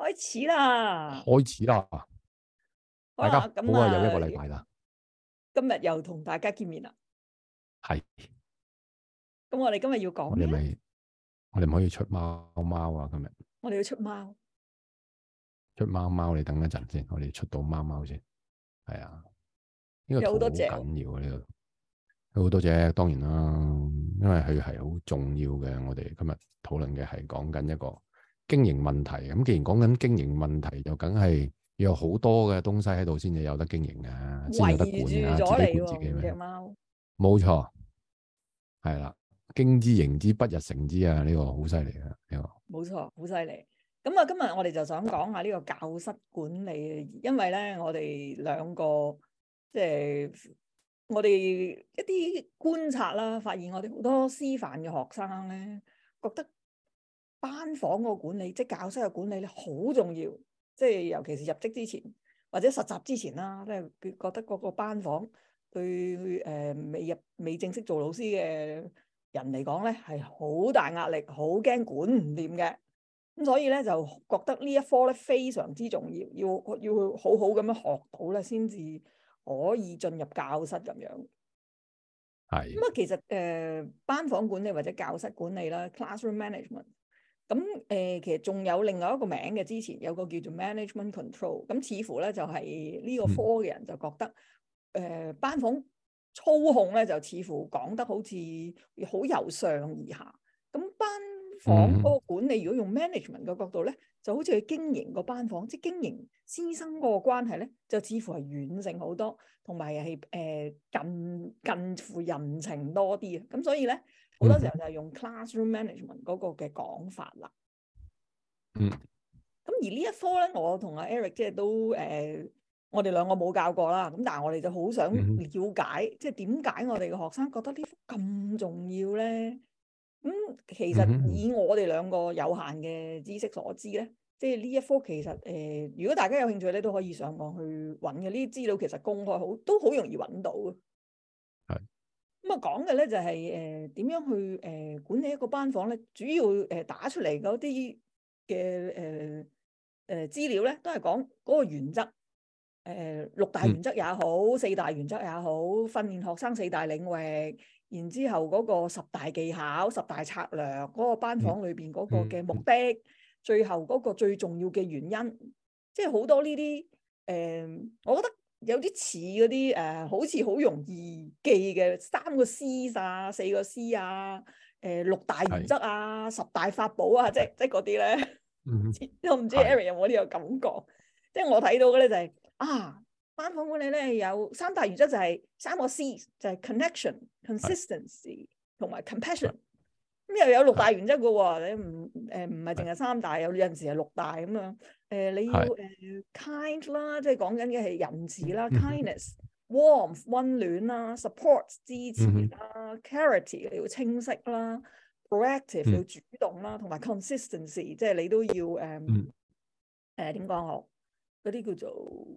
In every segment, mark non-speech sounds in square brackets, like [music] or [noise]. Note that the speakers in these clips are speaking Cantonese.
開始啦！開始啦！啊、大家好啊，又一個禮拜啦。今日又同大家見面啦。係。咁我哋今日要講咪？我哋唔可以出貓貓啊！今日。我哋要出貓。出貓貓，你等一陣先，我哋出到貓貓先。係啊。呢個有好多隻。好緊要啊！呢個。有好多隻，當然啦，因為佢係好重要嘅。我哋今日討論嘅係講緊一個，經營問題咁，既然講緊經營問題，就梗係要有好多嘅東西喺度先至有得經營啊，先住有得管啊，自己管自己咩？冇錯，係啦，經之營之不日成之啊！呢、這個好犀利啊，呢、這個冇錯，好犀利。咁啊，今日我哋就想講下呢個教室管理，因為咧，我哋兩個即係我哋一啲觀察啦、啊，發現我哋好多師範嘅學生咧，覺得。班房個管理，即係教室嘅管理咧，好重要。即係尤其是入職之前或者實習之前啦，即係覺得嗰個班房對誒、呃、未入未正式做老師嘅人嚟講咧，係好大壓力，好驚管唔掂嘅。咁所以咧，就覺得一呢一科咧，非常之重要，要要好好咁樣學到咧，先至可以進入教室咁樣。係是。咁啊，其實誒、呃、班房管理或者教室管理啦，classroom management。咁誒、呃，其實仲有另外一個名嘅，之前有個叫做 management control。咁似乎咧就係、是、呢個科嘅人就覺得，誒、嗯呃、班房操控咧就似乎講得好似好由上而下。咁班房嗰個管理，如果用 management 嘅角度咧，就好似去經營個班房，即係經營師生嗰個關係咧，就似乎係軟性好多，同埋係誒近近乎人情多啲嘅。咁所以咧。好多時候就係用 classroom management 嗰個嘅講法啦。嗯。咁而一呢一科咧，我同阿 Eric 即係都誒、呃，我哋兩個冇教過啦。咁但係我哋就好想了解，嗯、哼即係點解我哋嘅學生覺得呢科咁重要咧？咁、嗯、其實以我哋兩個有限嘅知識所知咧，即係呢一科其實誒、呃，如果大家有興趣咧，都可以上網去揾嘅。呢啲資料其實公開好，都好容易揾到。咁啊，講嘅咧就係、是、誒，點、呃、樣去誒、呃、管理一個班房咧？主要誒打出嚟嗰啲嘅誒誒資料咧，都係講嗰個原則，誒、呃、六大原則也好，嗯、四大原則也好，訓練學生四大領域，然之後嗰個十大技巧、十大策略，嗰、嗰個班房裏邊嗰個嘅目的，嗯、最後嗰個最重要嘅原因，即係好多呢啲誒，我覺得。有啲似嗰啲誒，好似好容易記嘅，三個 C 啊，四個 C 啊，誒、呃、六大原則啊，的十大法寶啊，即即嗰啲咧，我唔、嗯、 [laughs] 知 Eric 有冇呢個感覺。的即我睇到嘅咧就係、是、啊，班房管理咧有三大原則就係、是、三個 C，就係 connection 的、consistency 同埋 compassion。咁又有六大原則嘅喎、啊，你唔誒唔係淨係三大，有陣時係六大咁樣。誒、呃、你要誒、呃、kind 啦，即係講緊嘅係仁慈啦，kindness、 [noise] kind ness, warmth 溫暖啦，support 支持啦 [noise] ，clarity 你要清晰啦，proactive [noise] 要主動啦，同埋 consistency 即係你都要誒誒點講好？嗰啲叫做誒、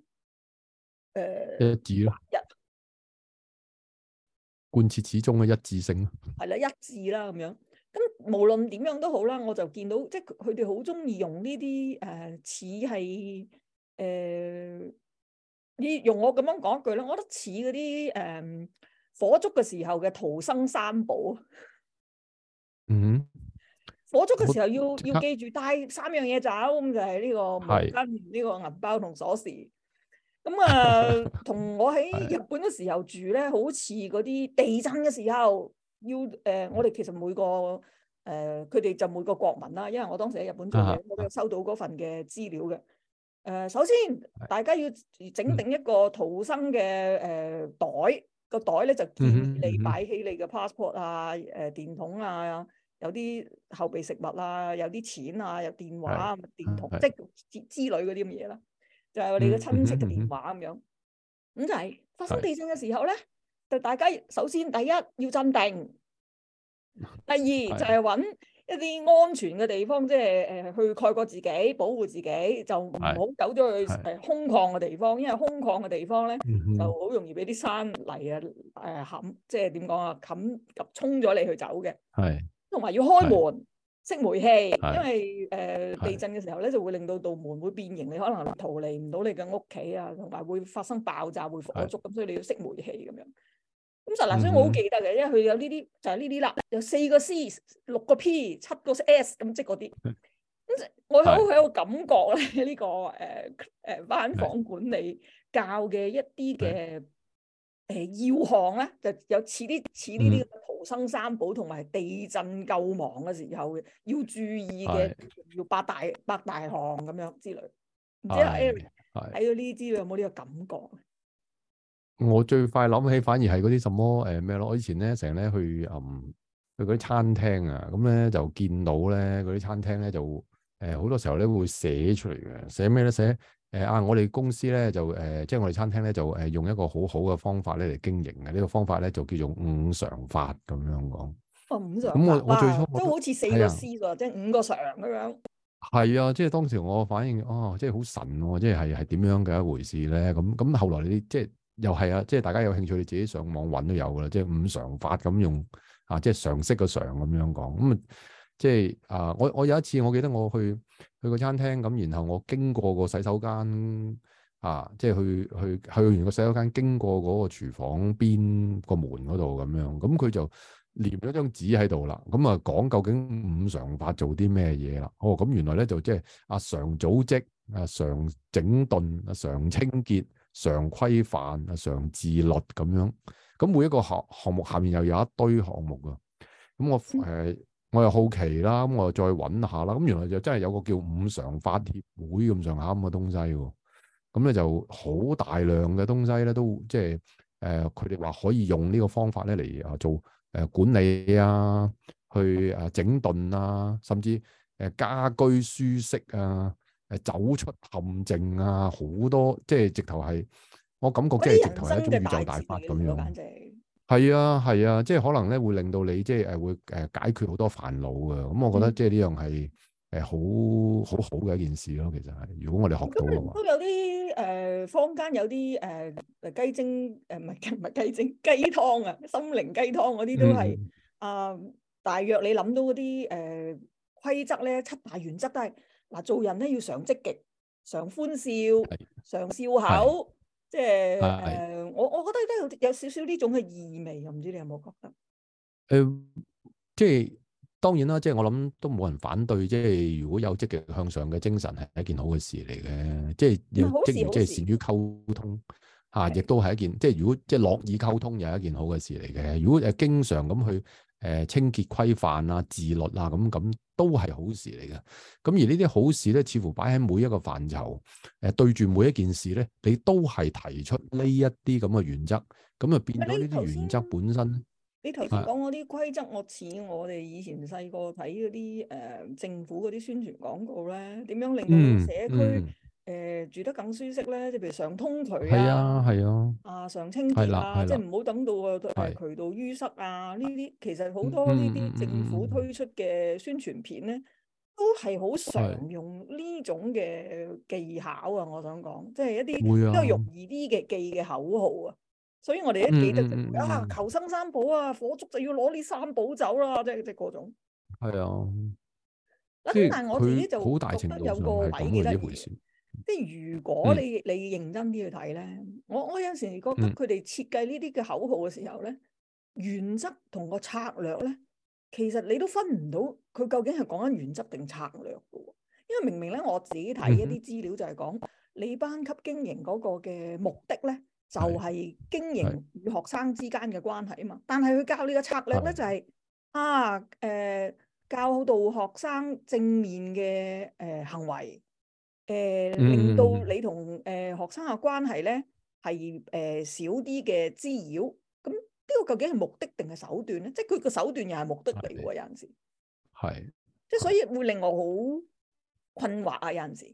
呃、一致咯一、啊，一貫徹始終嘅一致性咯，係啦，一致啦咁樣。咁無論點樣都好啦，我就見到即係佢哋好中意用呢啲誒似係誒，呃呃、用我咁樣講句啦，我覺得似嗰啲誒火燭嘅時候嘅逃生三寶。嗯，火燭嘅時候要我要記住帶三樣嘢走，咁就係呢個毛巾、呢個銀包同鎖匙。咁啊是，同、呃、我喺日本嘅時候住咧，好似嗰啲地震嘅時候。要誒、呃，我哋其實每個誒，佢、呃、哋就每個國民啦。因為我當時喺日本做嘢，我都有收到嗰份嘅資料嘅。誒、啊呃，首先是大家要整定一個逃生嘅誒、嗯呃、袋，個袋咧就建議你擺起你嘅 passport 啊、誒、呃、電筒啊，有啲後備食物啊，有啲錢啊，有電話、是嗯嗯、電筒，即係是是之類嗰啲咁嘢啦。就係、是、你嘅親戚嘅電話咁樣。咁就係發生地震嘅時候咧。是大家首先第一要鎮定，第二就係揾一啲安全嘅地方，即係誒去蓋過自己，保護自己，就唔、是、好、啊、走咗去誒空曠嘅地方，因為空曠嘅地方咧就好容易俾啲山泥啊誒冚，即係點講啊冚及沖咗你去走嘅。係同埋要開門熄煤氣，因為誒地震嘅時候咧就會令到道門會變形，你可能逃離唔到你嘅屋企啊，同埋會發生爆炸會火燭，咁是所以你要熄煤氣咁樣。咁就嗱，嗯、所以我好記得嘅，因為佢有呢啲就係呢啲啦，有四個 C、六個 P、七個 S 咁即嗰啲。咁我有係有個感覺咧，呢是、這個誒誒、呃、班房管理教嘅一啲嘅誒要項咧，就有似啲似呢啲逃生三寶同埋地震救亡嘅時候要注意嘅，是要八大八大項咁樣之類。唔知阿 Eric 睇到呢啲資料有冇呢個感覺？我最快諗起反而係嗰啲什麼誒咩咯？我以前咧成日咧去誒、嗯、去啲餐廳啊，咁、嗯、咧就見到咧嗰啲餐廳咧就誒好、呃、多時候咧會寫出嚟嘅，寫咩咧寫誒啊我哋公司咧就誒、呃、即係我哋餐廳咧就誒用一個好好嘅方法咧嚟經營嘅呢個方法咧就叫做五常法咁樣講。五常法。咁我我最初都好似寫咗詩喎，即係五個常咁樣。係啊，即係、啊就是、當時我反應哦，即係好神哦，即係係係點樣嘅一回事咧？咁咁後來你即係。嗯又係啊！即係大家有興趣，你自己上網揾，都有噶啦。即係五常法咁用啊，即係常識嘅常咁樣講。咁、嗯、啊，即係啊，我我有一次我記得我去去個餐廳咁，然後我經過個洗手間啊，即係去去去完個洗手間，經過嗰個廚房邊個門嗰度咁樣，咁、嗯、佢、嗯、就粘咗張紙喺度啦。咁、嗯、啊，講、嗯、究竟五常法做啲咩嘢啦？哦，咁、嗯、原來咧就即係阿常組織、阿、啊、常整頓、阿、啊、常清潔。常規範啊，常自律咁樣，咁每一個項項目下面又有一堆項目噶，咁我誒、呃、我又好奇啦，咁我又再揾下啦，咁原來就真係有個叫五常法協會咁上下咁嘅東西喎、啊，咁咧就好大量嘅東西咧，都即係誒佢哋話可以用呢個方法咧嚟啊做誒、呃、管理啊，去誒整頓啊，甚至誒家居舒適啊。走出陷阱啊！好多即係直頭係，我感覺即係直頭係一種宇宙大法咁樣。係啊係啊，即係可能咧會令到你即係誒會誒解決好多煩惱嘅。咁我覺得即係呢樣係誒好好好嘅一件事咯。其實係，如果我哋學到嘅話都有啲誒坊間有啲誒雞精誒唔係唔係雞精雞湯啊心靈雞湯嗰啲都係啊大約你諗到嗰啲誒規則咧七大,大原則都係。嗱，做人咧要常積極、常歡笑、的常笑口，即係我我覺得都有有少少呢種嘅意味，唔知你有冇覺得？誒、呃，即係當然啦，即係我諗都冇人反對，即係如果有積極向上嘅精神係一件好嘅事嚟嘅，好事好事，即係亦即即係善於溝通嚇，亦都係一件，即係如果即係樂意溝通又係一件好嘅事嚟嘅。如果誒經常咁去。誒清潔規範啊、自律啊，咁咁都係好事嚟嘅。咁而呢啲好事咧，似乎擺喺每一個範疇，誒、呃、對住每一件事咧，你都係提出呢一啲咁嘅原則，咁啊變咗呢啲原則本身。你頭先講嗰啲規則，是我似我哋以前細個睇嗰啲誒政府嗰啲宣傳廣告咧，點樣令到社區、嗯？嗯誒、呃，住得更舒適咧，即係譬如上通渠啊，係啊，係咯，啊常清潔啊，即係唔好等到個渠道淤塞啊。呢啲，啊、其實好多呢啲政府推出嘅宣傳片咧，嗯嗯、都係好常用呢種嘅技巧啊。啊我想講，即係一啲比較容易啲嘅記嘅口號啊。嗯嗯嗯、所以我哋一記得、嗯嗯嗯、啊，求生三寶啊，火燭就要攞呢三寶走啦、啊，即係即係嗰種。係、嗯、啊，但係我自己就好大程度上係咁嘅回事。即係如果你、嗯、你認真啲去睇咧，我我有時覺得佢哋設計呢啲嘅口號嘅時候咧，嗯、原則同個策略咧，其實你都分唔到佢究竟係講緊原則定策略嘅。因為明明咧我自己睇一啲資料就係講、嗯、你班級經營嗰個嘅目的咧，就係、是、經營與學生之間嘅關係啊嘛。是但係佢教你嘅策略咧是就係、是、啊，誒、呃，教導學生正面嘅誒、呃、行為。誒、呃，令到你同誒、呃、學生嘅關係咧係誒少啲嘅滋擾，咁呢個究竟係目的定係手段咧？即係佢個手段又係目的嚟嘅，有陣時係，即係所以會令我好困惑啊，有陣時，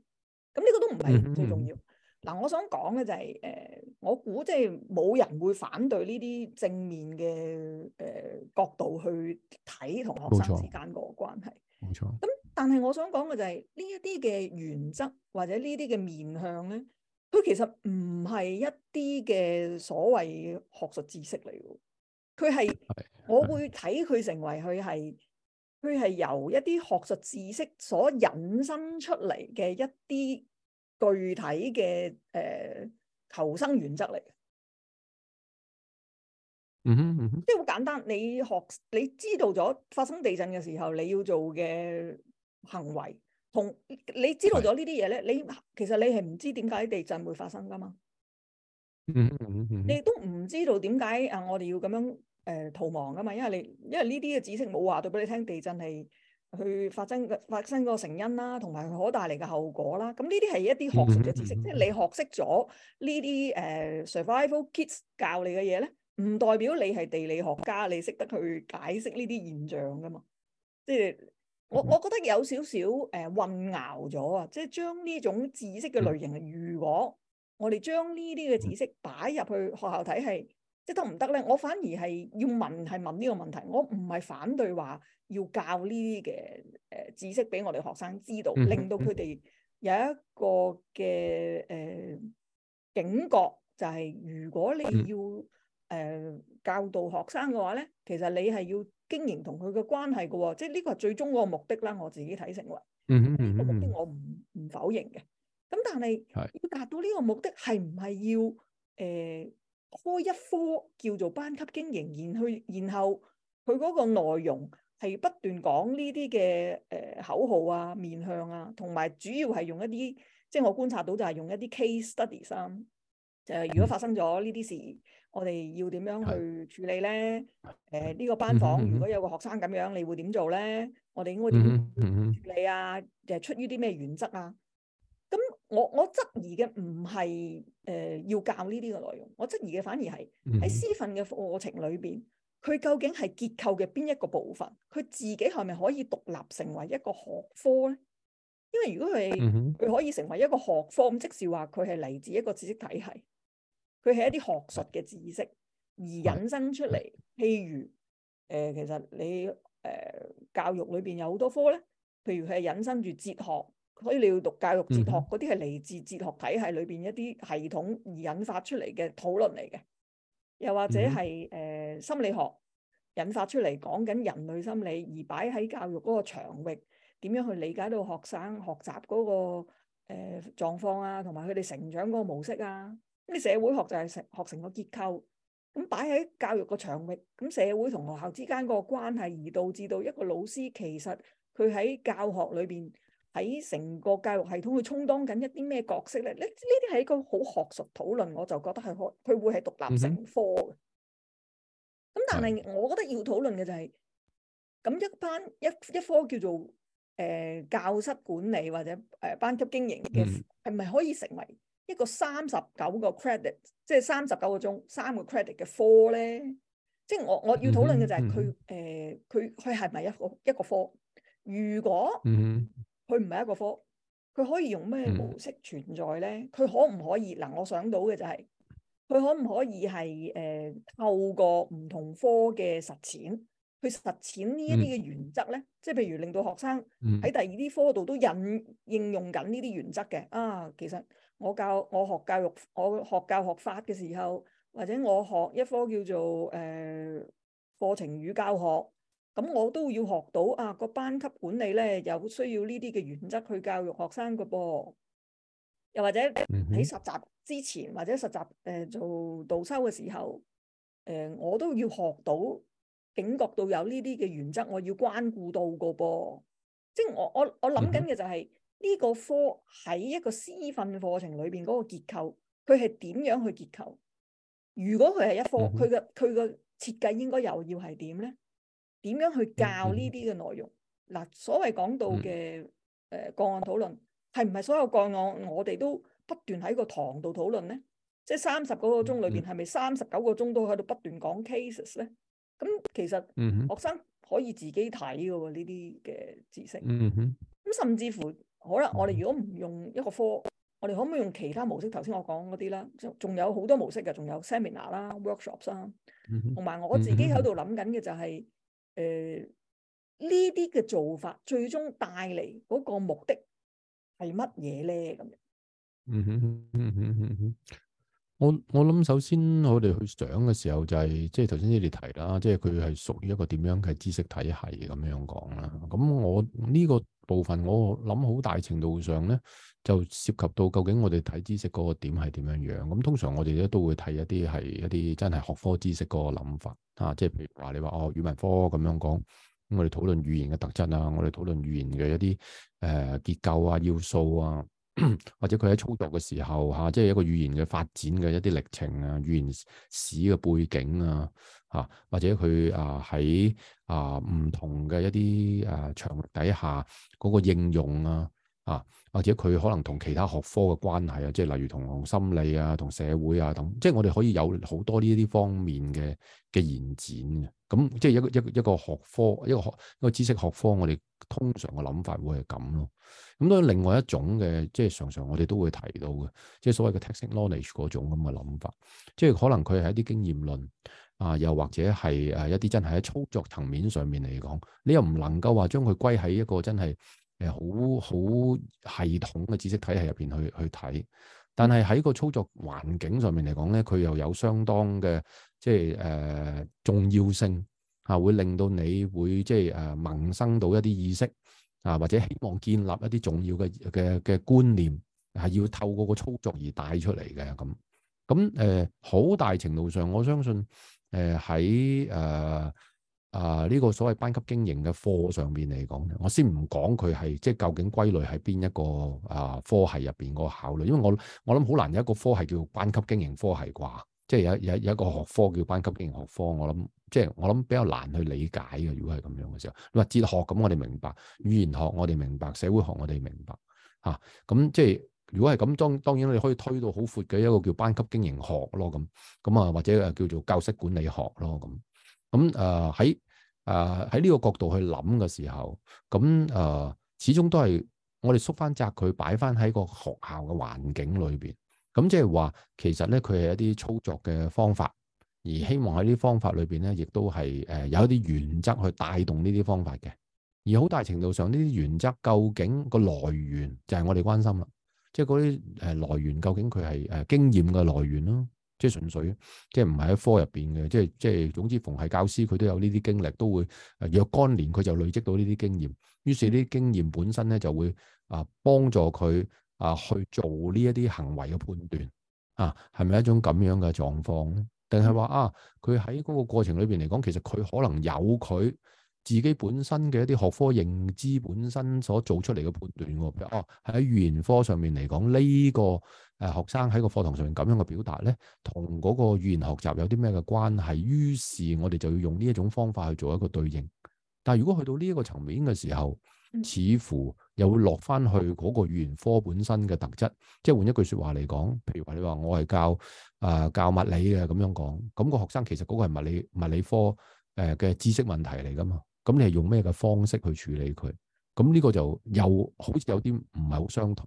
咁呢個都唔係最重要。嗱、嗯呃，我想講嘅就係、是、誒、呃，我估即係冇人會反對呢啲正面嘅誒、呃、角度去睇同學生之間個關係。冇錯，咁但係我想講嘅就係呢一啲嘅原則或者呢啲嘅面向咧，佢其實唔係一啲嘅所謂學術知識嚟嘅，佢係的我會睇佢成為佢係佢係由一啲學術知識所引申出嚟嘅一啲具體嘅誒、呃、求生原則嚟嘅。即係好簡單。你學你知道咗發生地震嘅時候你要做嘅行為，同你知道咗呢啲嘢咧，你其實你係唔知點解地震會發生噶嘛？ [laughs] 你都唔知道點解誒，我哋要咁樣誒、呃、逃亡噶嘛？因為你因為呢啲嘅知識冇話對俾你聽，地震係去發生發生個成因啦，同埋佢可帶嚟嘅後果啦。咁呢啲係一啲學術嘅知識， [laughs] 即係你學識咗呢啲誒 survival kids 教你嘅嘢咧。唔代表你係地理學家，你識得去解釋呢啲現象㗎嘛？即係我我覺得有少少誒混淆咗啊！即係將呢種知識嘅類型，如果我哋將呢啲嘅知識擺入去學校體系，即係得唔得咧？我反而係要問，係問呢個問題。我唔係反對話要教呢啲嘅誒知識俾我哋學生知道，令到佢哋有一個嘅誒、呃、警覺，就係、是、如果你要。嗯誒、呃，教導學生嘅話咧，其實你係要經營同佢嘅關係嘅、哦，即係呢個係最終個目的啦。我自己睇成為，嗯，哼嗯，哼嗯，個目的我唔唔否認嘅。咁但係是要達到呢個目的，係唔係要誒開、呃、一科叫做班級經營，然去然後佢嗰個內容係不斷講呢啲嘅誒口號啊、面向啊，同埋主要係用一啲，即、就、係、是、我觀察到就係用一啲 case study 三、啊，就係、是、如果發生咗呢啲事。嗯我哋要點樣去處理咧？誒、呃，呢、這個班房如果有個學生咁樣， [noise] 你會點做咧？我哋應該點處理啊？誒，出於啲咩原則啊？咁我我質疑嘅唔係誒要教呢啲嘅內容，我質疑嘅反而係喺私訓嘅過程裏邊，佢 [noise] 究竟係結構嘅邊一個部分？佢自己係咪可以獨立成為一個學科咧？因為如果佢佢 [noise] 可以成為一個學科，咁即是話佢係嚟自一個知識體系。佢係一啲學術嘅知識而引申出嚟，譬如誒、呃，其實你誒、呃、教育裏邊有好多科咧，譬如佢係引申住哲學，所以你要讀教育哲學嗰啲係嚟自哲學體系裏邊一啲系統而引發出嚟嘅討論嚟嘅，又或者係誒、呃、心理學引發出嚟講緊人類心理而擺喺教育嗰個場域點樣去理解到學生學習嗰、那個誒、呃、狀況啊，同埋佢哋成長嗰個模式啊。啲社會學就係成學成個結構，咁擺喺教育個場域，咁社會同學校之間個關係，而導致到一個老師其實佢喺教學裏邊，喺成個教育系統去充當緊一啲咩角色咧？呢呢啲係一個好學術討論，我就覺得係可佢會係獨立成科嘅。咁但係我覺得要討論嘅就係、是，咁一班一一科叫做誒、呃、教室管理或者誒、呃、班級經營嘅，係咪、嗯、可以成為？一個三十九個 credit，即係三十九個鐘三個 credit 嘅科咧，即係我我要討論嘅就係佢誒佢佢係咪一個一個科？如果佢唔係一個科，佢可以用咩模式存在咧？佢可唔可以嗱、呃？我想到嘅就係、係、佢可唔可以係誒、呃、透過唔同科嘅實踐去實踐呢一啲嘅原則咧？Mm hmm. 即係譬如令到學生喺第二啲科度都，都引應用緊呢啲原則嘅啊，其實。我教我學教育，我學教學法嘅時候，或者我學一科叫做誒呃課程與教學，咁我都要學到啊個班級管理咧，有需要呢啲嘅原則去教育學生噶噃，又或者喺實習之前或者實習誒做導修嘅時候，誒、呃、我都要學到警覺到有呢啲嘅原則，我要關顧到噶噃，即係我我我諗緊嘅就係、是。呢個科喺一個私訓課程裏邊嗰個結構，佢係點樣去結構？如果佢係一科，佢嘅佢嘅設計應該又要係點咧？點樣去教呢啲嘅內容？嗱，所謂講到嘅誒個案討論，係唔係所有個案我哋都不斷喺個堂度討論咧？即係三十個個鐘裏邊，係咪三十九個鐘都喺度不斷講 cases 咧？咁其實學生可以自己睇㗎喎，呢啲嘅知識。咁甚至乎。好啦，嗯、我哋如果唔用一個科，我哋可唔可以用其他模式？頭先我講嗰啲啦，仲有好多模式嘅，仲有 seminar 啦、workshops 啦，同埋、嗯、哼我自己喺度諗緊嘅就係、是，誒呢啲嘅做法最終帶嚟嗰個目的係乜嘢咧？咁樣。嗯哼嗯哼我我諗首先我哋去想嘅時候就係即係頭先你哋提啦，即係佢係屬於一個點樣嘅知識體系咁樣講啦。咁我呢個部分我諗好大程度上咧，就涉及到究竟我哋睇知識嗰個點係點樣樣。咁通常我哋咧都會睇一啲係一啲真係學科知識嗰個諗法啊，即係譬如話你話哦語文科咁樣講，咁我哋討論語言嘅特質啊，我哋討論語言嘅一啲誒、呃、結構啊要素啊，或者佢喺操作嘅時候吓、啊，即係一個語言嘅發展嘅一啲歷程啊，語言史嘅背景啊，吓或者佢啊喺啊唔同嘅一啲誒場域底下嗰個應用啊啊，或者佢、啊啊啊啊、可能同其他學科嘅關係啊，即係例如同心理啊、同社會啊等，即係我哋可以有好多呢啲方面嘅嘅延展嘅。咁、嗯、即係一個一個一個學科，一個學一個知識學科，我哋通常嘅諗法會係咁咯。咁當然另外一種嘅，即係常常我哋都會提到嘅，即係所謂嘅 tacit knowledge 嗰種咁嘅諗法。即係可能佢係一啲經驗論啊，又或者係誒、呃、一啲真係喺操作層面上面嚟講，你又唔能夠話將佢歸喺一個真係誒好好系統嘅知識體系入邊去去睇。但係喺個操作環境上面嚟講咧，佢又有相當嘅。即係誒、呃、重要性吓、啊，會令到你會即係誒萌生到一啲意識啊，或者希望建立一啲重要嘅嘅嘅觀念，係、啊、要透過個操作而帶出嚟嘅咁。咁誒好大程度上，我相信誒喺誒啊呢、這個所謂班級經營嘅課上邊嚟講，我先唔講佢係即係究竟歸類喺邊一個啊科系入邊個考慮，因為我我諗好難有一個科系叫班級經營科系啩。即係有有有一個學科叫班級經營學科，我諗即係我諗比較難去理解嘅。如果係咁樣嘅時候，你話哲學咁我哋明白，語言學我哋明白，社會學我哋明白，嚇、啊、咁即係如果係咁，當當然你可以推到好闊嘅一個叫班級經營學咯，咁咁啊或者誒叫做教室管理學咯，咁咁誒喺誒喺呢個角度去諗嘅時候，咁誒、呃、始終都係我哋縮翻窄佢擺翻喺個學校嘅環境裏邊。咁即係話，其實咧佢係一啲操作嘅方法，而希望喺呢啲方法裏邊咧，亦都係誒、呃、有一啲原則去帶動呢啲方法嘅。而好大程度上，呢啲原則究竟個來源就係我哋關心啦，即係嗰啲誒來源究竟佢係誒經驗嘅來源咯，即係純粹，即係唔係喺課入邊嘅，即係即係總之，逢係教師佢都有呢啲經歷，都會、呃、若干年佢就累積到呢啲經驗，於是呢啲經驗本身咧就會啊呃、幫助佢。啊，去做呢一啲行為嘅判斷啊，係咪一種咁樣嘅狀況咧？定係話啊，佢喺嗰個過程裏邊嚟講，其實佢可能有佢自己本身嘅一啲學科認知本身所做出嚟嘅判斷㗎、啊。哦、啊，喺語言科上面嚟講，呢、這個誒、啊、學生喺個課堂上面咁樣嘅表達咧，同嗰個語言學習有啲咩嘅關係？於是，我哋就要用呢一種方法去做一個對應。但係如果去到呢一個層面嘅時候，似乎～又會落翻去嗰個語言科本身嘅特質，即係換一句説話嚟講，譬如話你話我係教啊、呃、教物理嘅咁樣講，咁、嗰個學生其實嗰個係物理物理科誒嘅知識問題嚟噶嘛，咁你係用咩嘅方式去處理佢？咁呢個就又好似有啲唔係好相同，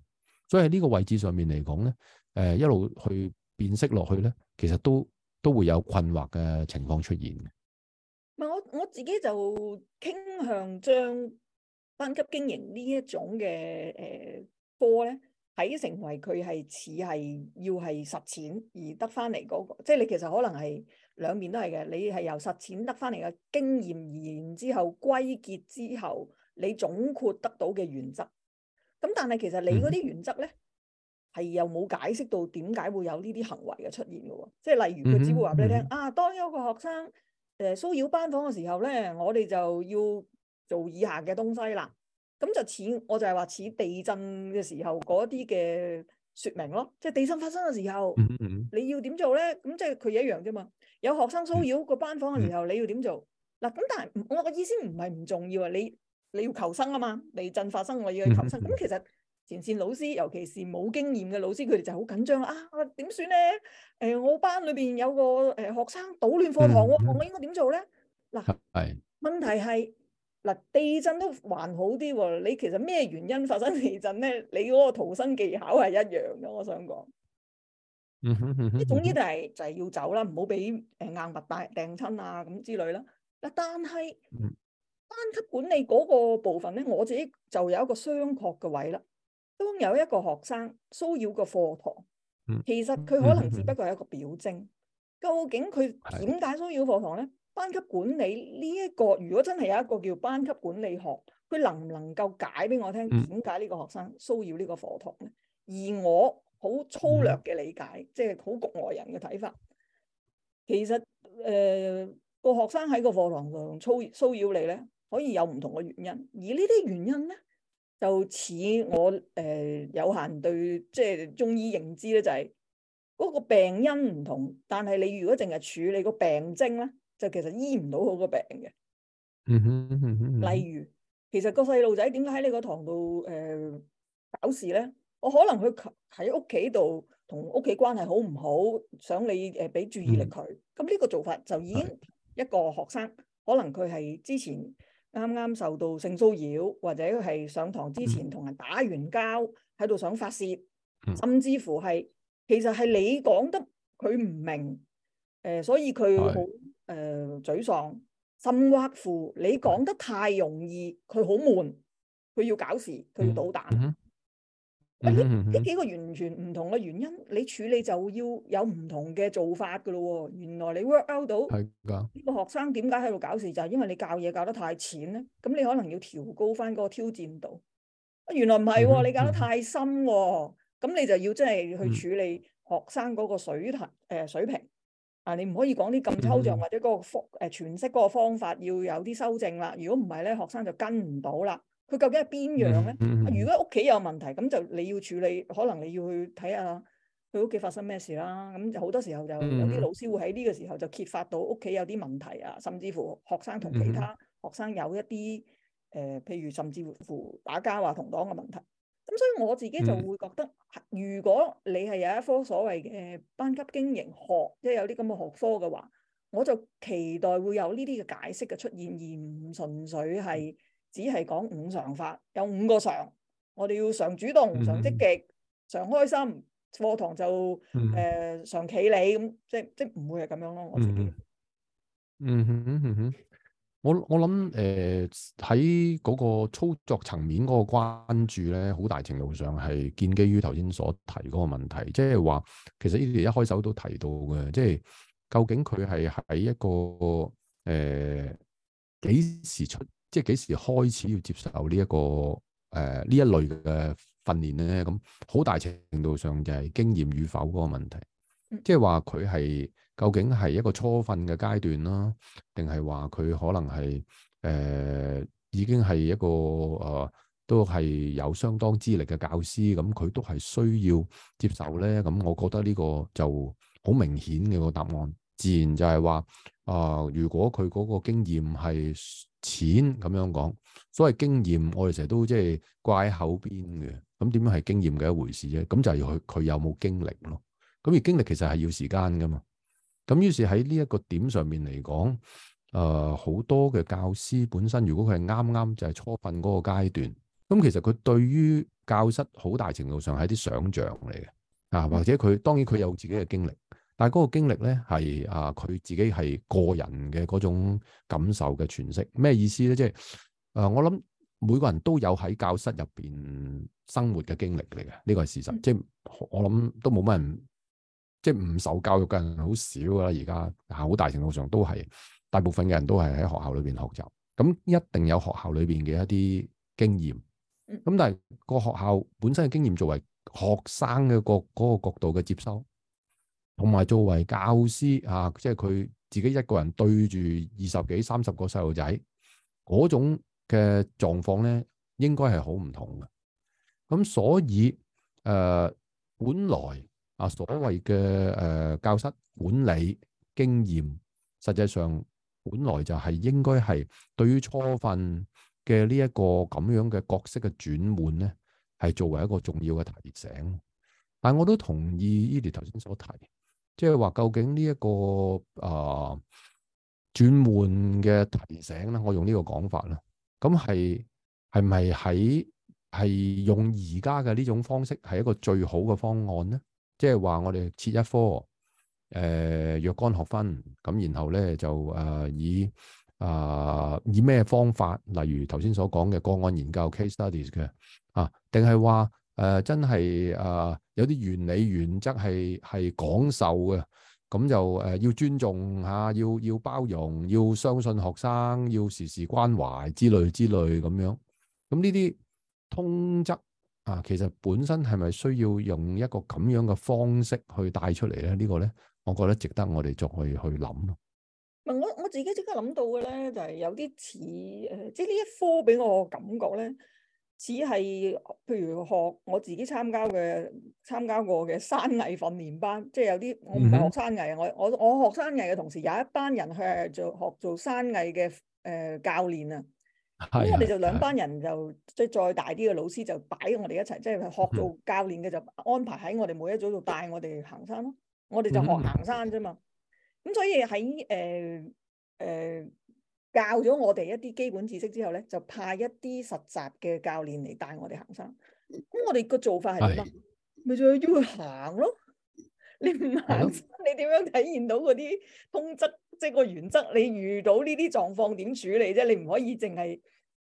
所以喺呢個位置上面嚟講咧，誒、呃、一路去辨識落去咧，其實都都會有困惑嘅情況出現嘅。唔係我我自己就傾向將。班級經營呢一種嘅，誒、呃、科咧，睇成為佢係似係要係實踐而得翻嚟嗰個，即係你其實可能係兩面都係嘅。你係由實踐得翻嚟嘅經驗，然之後歸結之後，你總括得到嘅原則。咁但係其實你嗰啲原則咧，係、嗯、哼又冇解釋到點解會有呢啲行為嘅出現嘅。即係例如佢只會話俾你聽，嗯、哼啊，當有個學生誒、呃、騷擾班房嘅時候咧，我哋就要。做以下嘅東西啦，咁就似我就係話似地震嘅時候嗰啲嘅説明咯，即係地震發生嘅時候，你要點做咧？咁即係佢一樣啫嘛。有學生騷擾個班房嘅時候，你要點做？嗱，咁但係我嘅意思唔係唔重要啊，你你要求生啊嘛。地震發生，我要求生。咁其實前線老師，尤其是冇經驗嘅老師，佢哋就好緊張啊！點算咧？誒，我班裏邊有個誒學生搗亂課堂，我我應該點做咧？嗱，問題係。嗱，地震都還好啲喎、哦。你其實咩原因發生地震咧？你嗰個逃生技巧係一樣嘅。我想講，嗯，總之都係就係要走啦，唔好俾誒硬物帶掟親啊咁之類啦。但係 [laughs] 單級管理班級管理嗰個部分咧，我自己就有一個商榷嘅位啦。當有一個學生騷擾個課堂，其實佢可能只不過係一個表徵。究竟佢點解騷擾課堂咧？ [laughs] [laughs] 班級管理呢、這、一個，如果真係有一個叫班級管理學，佢能唔能夠解俾我聽點解呢個學生騷擾呢個課堂咧？而我好粗略嘅理解，即係好局外人嘅睇法，其實誒、呃、個學生喺個課堂上騷騷擾你咧，可以有唔同嘅原因。而呢啲原因咧，就似我誒、呃、有限對即係中醫認知咧、就係，就係嗰個病因唔同，但係你如果淨係處理個病徵咧。就其實醫唔到好個病嘅。嗯哼，例如其實個細路仔點解喺你個堂度誒、呃、搞事咧？我可能佢喺屋企度同屋企關係好唔好，想你誒俾、呃、注意力佢，咁呢、嗯、個做法就已經一個學生是可能佢係之前啱啱受到性騷擾，或者係上堂之前同人打完交喺度想發泄，嗯、甚至乎係其實係你講得佢唔明，誒、呃，所以佢好。誒，沮喪、呃、甚或乎，你講得太容易，佢好悶，佢要搞事，佢要搗蛋。呢呢、嗯嗯嗯嗯、幾個完全唔同嘅原因，你處理就要有唔同嘅做法噶咯、哦。原來你 work out 到呢的個學生點解喺度搞事，就係、是、因為你教嘢教得太淺咧。咁你可能要調高翻嗰個挑戰度。原來唔係、哦，嗯、你教得太深、哦，咁、嗯嗯、你就要真係去處理學生嗰個水平誒、呃、水平。啊！你唔可以講啲咁抽象，或者嗰個方誒詮釋嗰個方法要有啲修正啦。如果唔係咧，學生就跟唔到啦。佢究竟係邊樣咧？ [music] 如果屋企有問題，咁就你要處理，可能你要去睇下佢屋企發生咩事啦。咁就好多時候就有啲老師會喺呢個時候就揭發到屋企有啲問題啊，甚至乎學生同其他學生有一啲誒、 [music] 呃，譬如甚至乎打交或同黨嘅問題。咁所以我自己就會覺得，嗯、如果你係有一科所謂嘅班級經營學，即、就、係、是、有啲咁嘅學科嘅話，我就期待會有呢啲嘅解釋嘅出現，而唔純粹係只係講五常法，有五個常，我哋要常主動、常積極、常開心，課堂就誒、嗯呃、常企理，咁即即唔會係咁樣咯，嗯、我自己嗯。嗯哼嗯哼。嗯我我諗誒喺嗰個操作層面嗰個關注咧，好大程度上係建基於頭先所提嗰個問題，即係話其實呢啲一開手都提到嘅，即係究竟佢係喺一個誒幾時出，即係幾時開始要接受呢一個誒呢一類嘅訓練咧？咁好大程度上就係經驗與否嗰個問題，即係話佢係。究竟係一個初訓嘅階段啦，啊，定係話佢可能係誒、呃、已經係一個誒、呃、都係有相當資歷嘅教師咁，佢都係需要接受咧。咁、嗯、我覺得呢個就好明顯嘅個答案，自然就係話啊，如果佢嗰個經驗係淺咁樣講，所謂經驗我哋成日都即係掛喺口邊嘅，咁點樣係經驗嘅一回事啫？咁、嗯嗯、就係佢佢有冇經歷咯？咁、嗯、而經歷其實係要時間噶嘛？咁於是喺呢一個點上面嚟講，誒、呃、好多嘅教師本身，如果佢係啱啱就係初訓嗰個階段，咁其實佢對於教室好大程度上係啲想像嚟嘅，啊，或者佢當然佢有自己嘅經歷，但係嗰個經歷咧係啊佢自己係個人嘅嗰種感受嘅詮釋，咩意思咧？即係誒我諗每個人都有喺教室入邊生活嘅經歷嚟嘅，呢個係事實，即係、嗯就是、我諗都冇乜人。即係唔受教育嘅人好少噶啦，而家好大程度上都係大部分嘅人都係喺學校裏邊學習，咁一定有學校裏邊嘅一啲經驗。咁但係個學校本身嘅經驗，作為學生嘅個嗰個角度嘅接收，同埋作為教師啊，即係佢自己一個人對住二十幾、三十個細路仔嗰種嘅狀況咧，應該係好唔同嘅。咁所以誒、呃、本來。啊！所謂嘅誒、呃，教室管理經驗，實際上本來就係應該係對於初份嘅呢一個咁樣嘅角色嘅轉換咧，係作為一個重要嘅提醒。但係我都同意呢啲頭先所提，即係話究竟呢、這、一個啊、呃、轉換嘅提醒咧，我用個呢個講法啦，咁係係咪喺係用而家嘅呢種方式係一個最好嘅方案咧？即係話我哋設一科，誒、呃，若干學分，咁然後咧就誒、呃、以誒、呃、以咩方法，例如頭先所講嘅個案研究 case studies 嘅，啊，定係話誒真係誒、呃、有啲原理原則係係講授嘅，咁就誒、呃、要尊重吓，要要包容，要相信學生，要時時關懷之類之類咁樣，咁呢啲通則。啊，其實本身係咪需要用一個咁樣嘅方式去帶出嚟咧？這個、呢個咧，我覺得值得我哋再去去諗。嗱，我我自己即刻諗到嘅咧，就係、是、有啲似誒，即係呢一科俾我感覺咧，似係譬如學我自己參加嘅參加過嘅山藝訓練班，即係有啲我唔係學山藝啊，我生、嗯、哼我我學山藝嘅同時，有一班人係做學做山藝嘅誒、呃、教練啊。咁我哋就兩班人就即係、啊、再大啲嘅老師就擺我哋一齊，啊、即係學做教練嘅就安排喺我哋每一組度帶我哋行山咯。嗯、我哋就學行山啫嘛。咁所以喺誒誒教咗我哋一啲基本知識之後咧，就派一啲實習嘅教練嚟帶我哋行山。咁我哋個做法係點咧？咪就係要去行咯。啊、你唔行，你點樣體驗到嗰啲通則，即係個原則？你遇到呢啲狀況點處理啫？你唔可以淨係。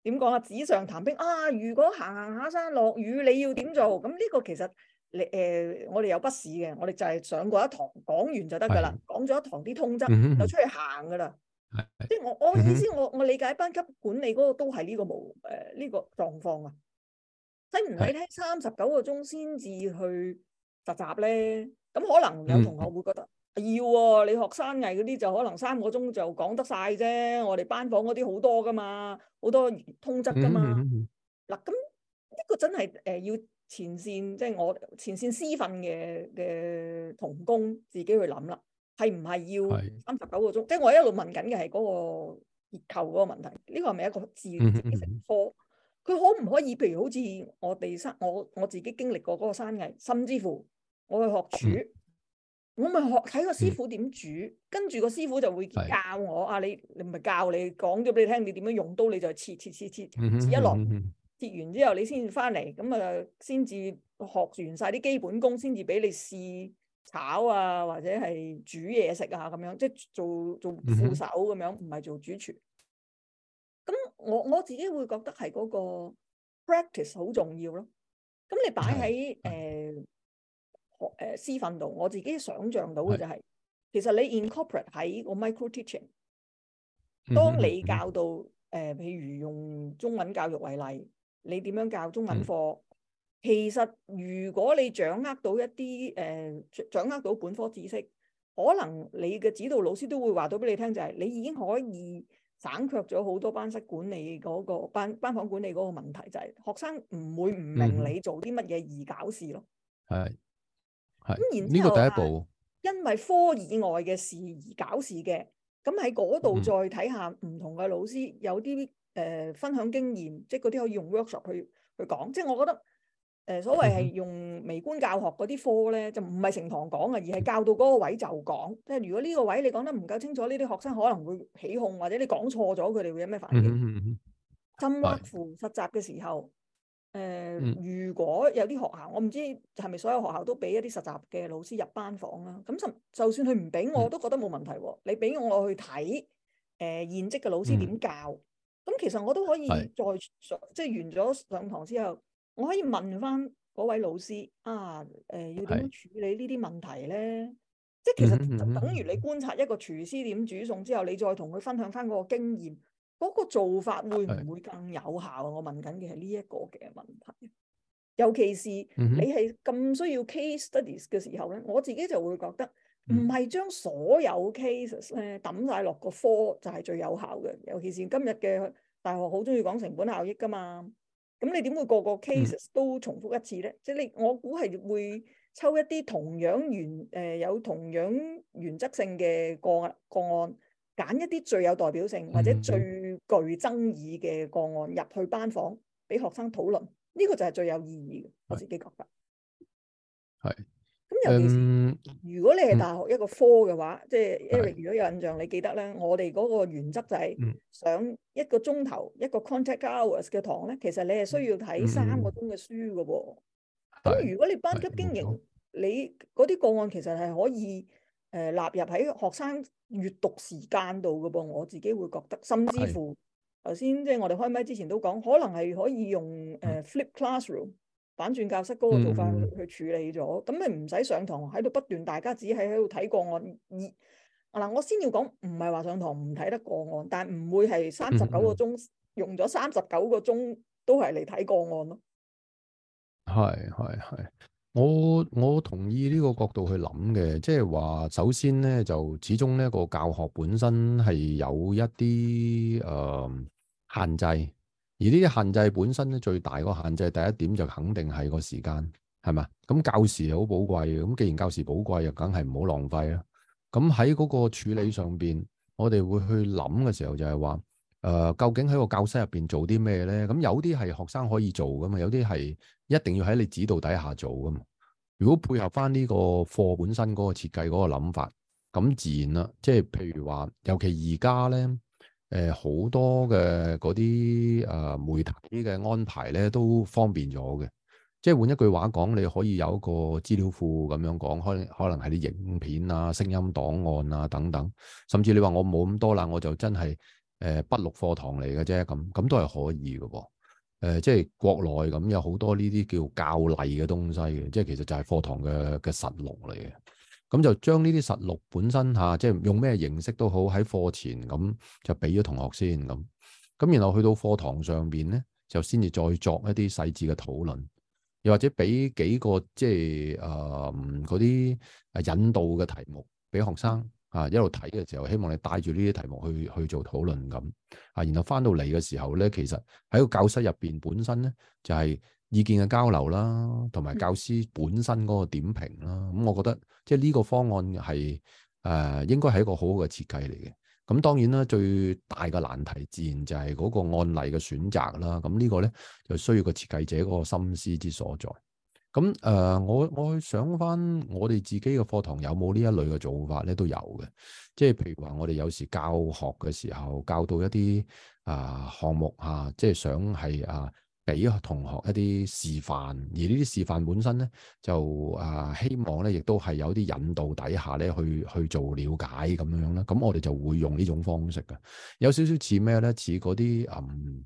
點講啊？紙上談兵啊！如果行行下山落雨，你要點做？咁呢個其實你誒、呃，我哋有筆試嘅，我哋就係上過一堂，講完就得㗎啦。講咗的一堂啲通則，嗯、哼就出去行㗎啦。的即係我我意思，我我理解班級管理嗰個都係呢個模誒呢個狀況啊。使唔使聽三十九個鐘先至去實習咧？咁可能有同學會覺得。嗯要喎、啊，你學生藝嗰啲就可能三個鐘就講得晒啫。我哋班房嗰啲好多㗎嘛，好多通則㗎嘛。嗱、嗯，咁、嗯、呢、啊、個真係誒、呃、要前線，即、就、係、是、我前線師訓嘅嘅同工自己去諗啦。係唔係要三十九個鐘？是即係我一路問緊嘅係嗰個結構嗰個問題。呢、這個係咪一個自然成科？佢、嗯嗯、可唔可以？譬如好似我哋山，我我自己經歷過嗰個山藝，甚至乎我去學廚。嗯我咪學睇個師傅點煮，嗯、跟住個師傅就會教我的啊！你你唔係教你講咗俾你聽，你點樣用刀，你就切切切切，切，切一落切完之後你，你先翻嚟咁啊，先至學完晒啲基本功，先至俾你試炒啊，或者係煮嘢食啊咁樣，即係做做，做副手咁樣，唔係做主廚。咁、嗯嗯、我我自己會覺得係嗰個 practice 好重要咯。咁你擺喺誒。的學誒、呃、私訓道，我自己想像到嘅就係、是，是其實你 incorporate 喺個 micro teaching，當你教到誒、呃，譬如用中文教育為例，你點樣教中文課？嗯、其實如果你掌握到一啲誒、呃，掌握到本科知識，可能你嘅指導老師都會話到俾你聽、就是，就係你已經可以省卻咗好多班室管理嗰、那個班班房管理嗰個問題，就係、是、學生唔會唔明你做啲乜嘢而搞事咯。係。咁然之後呢，個第一步因為科以外嘅事而搞事嘅，咁喺嗰度再睇下唔同嘅老師有啲誒、嗯呃、分享經驗，即係嗰啲可以用 workshop 去去講。即係我覺得誒、呃、所謂係用微觀教學嗰啲科咧，就唔係成堂講嘅，而係教到嗰個位就講。嗯、即係如果呢個位你講得唔夠清楚，呢啲學生可能會起哄，或者你講錯咗，佢哋會有咩反應？得物實習嘅時候。誒，呃嗯、如果有啲學校，我唔知係咪所有學校都俾一啲實習嘅老師入班房啦、啊。咁就就算佢唔俾，嗯、我都覺得冇問題喎、啊。你俾我去睇，誒、呃、現職嘅老師點教，咁、嗯、其實我都可以再是即係完咗上堂之後，我可以問翻嗰位老師啊，誒、呃、要點處理呢啲問題咧？是即係其實就等於你觀察一個廚師點煮餸之後，你再同佢分享翻嗰個經驗。嗰個做法會唔會更有效、啊？是我問緊嘅係呢一個嘅問題，尤其是你係咁需要 case studies 嘅時候咧，我自己就會覺得唔係將所有 cases 咧揼晒落個科就係最有效嘅。尤其是今日嘅大學好中意講成本效益㗎嘛，咁你點會個個 cases、嗯、都重複一次咧？即、就、係、是、你我估係會抽一啲同樣原誒、呃、有同樣原則性嘅個個案，揀一啲最有代表性或者最、嗯具爭議嘅個案入去班房，俾學生討論，呢、這個就係最有意義嘅。的我自己覺得係。咁的尤其、嗯、如果你係大學一個科嘅話，即係 Eric 的如果有印象，你記得咧，我哋嗰個原則就係、是、上的一個鐘頭一個 contact hours 嘅堂咧，其實你係需要睇三個鐘嘅書㗎喎、啊。咁的如果你班級經營，的你嗰啲個案其實係可以。誒、呃、納入喺學生閱讀時間度嘅噃，我自己會覺得，甚至乎頭先是即係我哋開麥之前都講，可能係可以用誒、呃、Flip Classroom 反轉教室嗰個做法去、嗯、去處理咗。咁咪唔使上堂喺度不斷，大家只係喺度睇個案。而嗱，我先要講唔係話上堂唔睇得個案，但係唔會係三十九個鐘、嗯、用咗三十九個鐘都係嚟睇個案咯。係係係。我我同意呢個角度去諗嘅，即係話首先咧就始終咧個教學本身係有一啲誒、呃、限制，而呢啲限制本身咧最大個限制，第一點就肯定係個時間，係嘛？咁教時係好寶貴嘅，咁既然教時寶貴，又梗係唔好浪費啦。咁喺嗰個處理上邊，我哋會去諗嘅時候就係話誒，究竟喺個教室入邊做啲咩咧？咁有啲係學生可以做噶嘛，有啲係，一定要喺你指導底下做㗎嘛。如果配合翻呢個課本身嗰個設計嗰、那個諗法，咁自然啦、啊。即係譬如話，尤其而家咧，誒、呃、好多嘅嗰啲誒媒體嘅安排咧，都方便咗嘅。即係換一句話講，你可以有一個資料庫咁樣講，可可能係啲影片啊、聲音檔案啊等等。甚至你話我冇咁多啦，我就真係誒、呃、不錄課堂嚟嘅啫。咁咁都係可以嘅喎、啊。誒、呃，即係國內咁有好多呢啲叫教例嘅東西嘅，即係其實就係課堂嘅嘅實錄嚟嘅。咁就將呢啲實錄本身吓、啊，即係用咩形式都好，喺課前咁就俾咗同學先咁。咁然後去到課堂上邊咧，就先至再作一啲細緻嘅討論，又或者俾幾個即係誒嗰啲誒引導嘅題目俾學生。啊，一路睇嘅時候，希望你帶住呢啲題目去去做討論咁，啊，然後翻到嚟嘅時候咧，其實喺個教室入邊本身咧，就係意見嘅交流啦，同埋教師本身嗰個點評啦。咁我覺得即係呢個方案係誒、呃，應該係一個好好嘅設計嚟嘅。咁當然啦，最大嘅難題自然就係嗰個案例嘅選擇啦。咁呢個咧就需要個設計者嗰個心思之所在。咁誒、嗯，我我去想翻，我哋自己嘅課堂有冇呢一類嘅做法咧？都有嘅，即係譬如話，我哋有時教學嘅時候，教到一啲啊、呃、項目啊，即係想係啊俾同學一啲示範，而呢啲示範本身咧，就啊、呃、希望咧，亦都係有啲引導底下咧，去去做了解咁樣樣啦。咁我哋就會用呢種方式嘅，有少少似咩咧？似嗰啲嗯。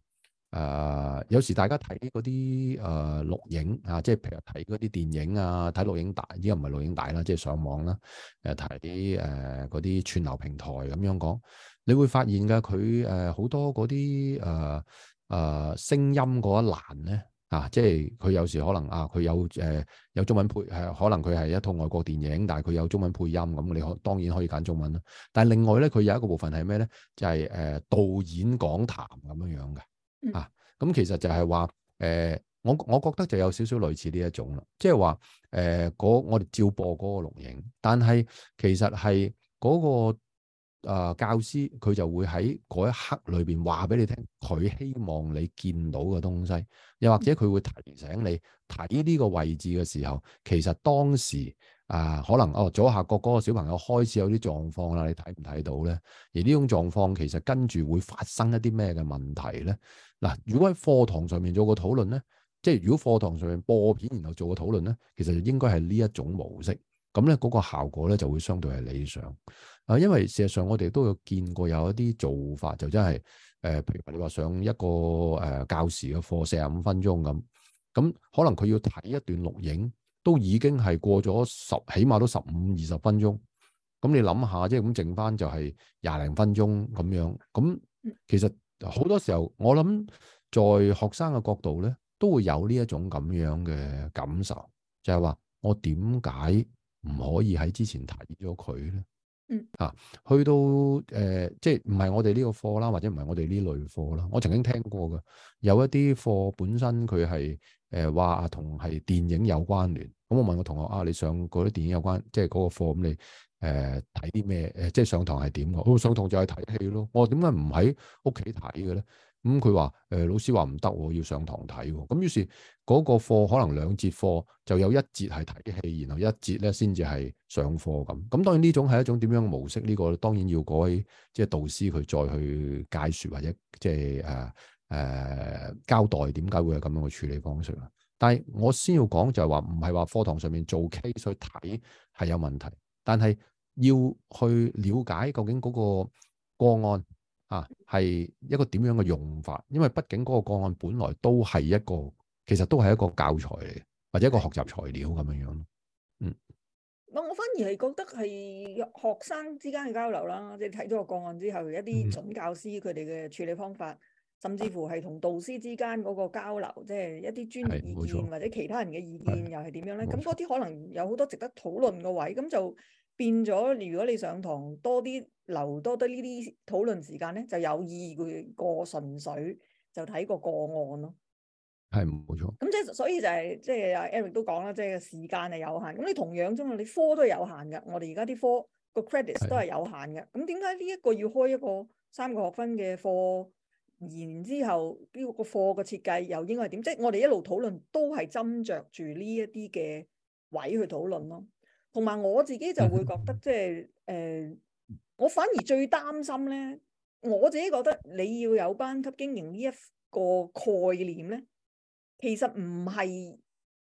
誒、呃，有時大家睇嗰啲誒錄影啊，即係譬如睇嗰啲電影啊，睇錄影帶，依家唔係錄影帶啦，即係上網啦，誒睇誒啲串流平台咁樣講，你會發現噶佢誒好多嗰啲誒誒聲音嗰一欄咧啊，即係佢有時可能啊，佢有誒、呃、有中文配誒、啊，可能佢係一套外國電影，但係佢有中文配音咁，你可當然可以揀中文啦。但係另外咧，佢有一個部分係咩咧？就係、是、誒、呃、導演講談咁樣樣嘅。啊，咁，嗯嗯，其實就係話，誒、呃，我我覺得就有少少類似呢一種啦，即係話，誒、呃，我哋照播嗰個錄影，但係其實係嗰，那個誒、呃，教師佢就會喺嗰一刻裏邊話俾你聽，佢希望你見到嘅東西，又或者佢會提醒你睇呢個位置嘅時候，其實當時啊，呃，可能哦左下角嗰個小朋友開始有啲狀況啦，你睇唔睇到咧？而呢種狀況其實跟住會發生一啲咩嘅問題咧？嗱，如果喺課堂上面做個討論咧，即係如果課堂上面播片然後做個討論咧，其實應該係呢一種模式，咁咧，嗰個效果咧就會相對係理想。啊，因為事實上我哋都有見過有一啲做法就真係，誒、呃，譬如你話上一個誒、呃、教時嘅課四十五分鐘咁，咁可能佢要睇一段錄影，都已經係過咗十，起碼都十五二十分鐘，咁你諗下，即係咁剩翻就係廿零分鐘咁樣，咁其實。好多時候，我諗在學生嘅角度咧，都會有呢一種咁樣嘅感受，就係、是、話我點解唔可以喺之前提咗佢咧？嗯啊，去到誒、呃，即係唔係我哋呢個課啦，或者唔係我哋呢類課啦？我曾經聽過嘅有一啲課本身佢係誒話同係電影有關聯，咁、嗯、我問個同學啊，你上過啲電影有關，即係嗰個課咁、嗯、你？誒，睇啲咩？誒，即、呃、係上堂係點？我、哦、上堂就係睇戲咯。我點解唔喺屋企睇嘅咧？咁佢話誒，老師話唔得，要上堂睇、啊。咁於是嗰、那個課可能兩節課就有一節係睇戲，然後一節咧先至係上課咁。咁、嗯、當然呢種係一種點樣嘅模式？呢、這個當然要改，即、就、係、是、導師佢再去解說或者即係誒誒交代點解會有咁樣嘅處理方式、啊。但係我先要講就係話，唔係話課堂上面做 case 去睇係有問題，但係。要去了解，究竟嗰個個案啊，係一個點樣嘅用法？因為畢竟嗰個個案本來都係一個，其實都係一個教材嚟，或者一個學習材料咁樣樣咯。嗯，唔，我反而係覺得係學生之間嘅交流啦，即係睇咗個個案之後，一啲準教師佢哋嘅處理方法，嗯、甚至乎係同導師之間嗰個交流，即係一啲專業意見，冇錯，或者其他人嘅意見又係點樣咧？咁嗰啲可能有好多值得討論嘅位，咁就。變咗，如果你上堂多啲留多啲呢啲討論時間咧，就有意義過純粹就睇個個案咯。係冇錯。咁即係所以就係、是、即係阿 Eric 都講啦，即係時間係有限。咁你同樣中，你科都係有限㗎。我哋而家啲科個 credit 都係有限㗎。咁點解呢一個要開一個三個學分嘅課？然之後呢個課嘅設計又應該係點？即係我哋一路討論都係斟酌住呢一啲嘅位去討論咯。同埋我自己就會覺得，即係誒、呃，我反而最擔心咧。我自己覺得你要有班級經營呢一個概念咧，其實唔係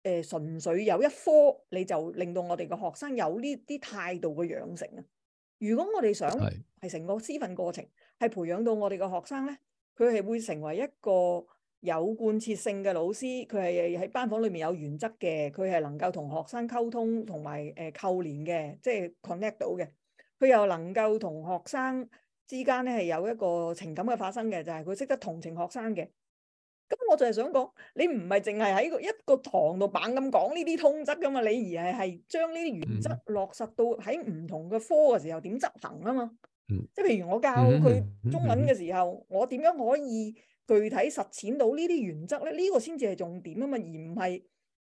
誒純粹有一科你就令到我哋嘅學生有呢啲態度嘅養成啊。如果我哋想係成個師訓過程，係培養到我哋嘅學生咧，佢係會成為一個有貫徹性嘅老師，佢係喺班房裏面有原則嘅，佢係能夠同學生溝通，同埋誒扣連嘅，即係 connect 到嘅。佢又能夠同學生之間咧係有一個情感嘅發生嘅，就係佢識得同情學生嘅。咁我就係想講，你唔係淨係喺一個堂度板咁講呢啲通則噶嘛，你而係係將呢啲原則落實到喺唔同嘅科嘅時候點執行啊嘛。即係譬如我教佢中文嘅時候，我點樣可以具體實踐到呢啲原則咧，呢、這個先至係重點啊嘛，而唔係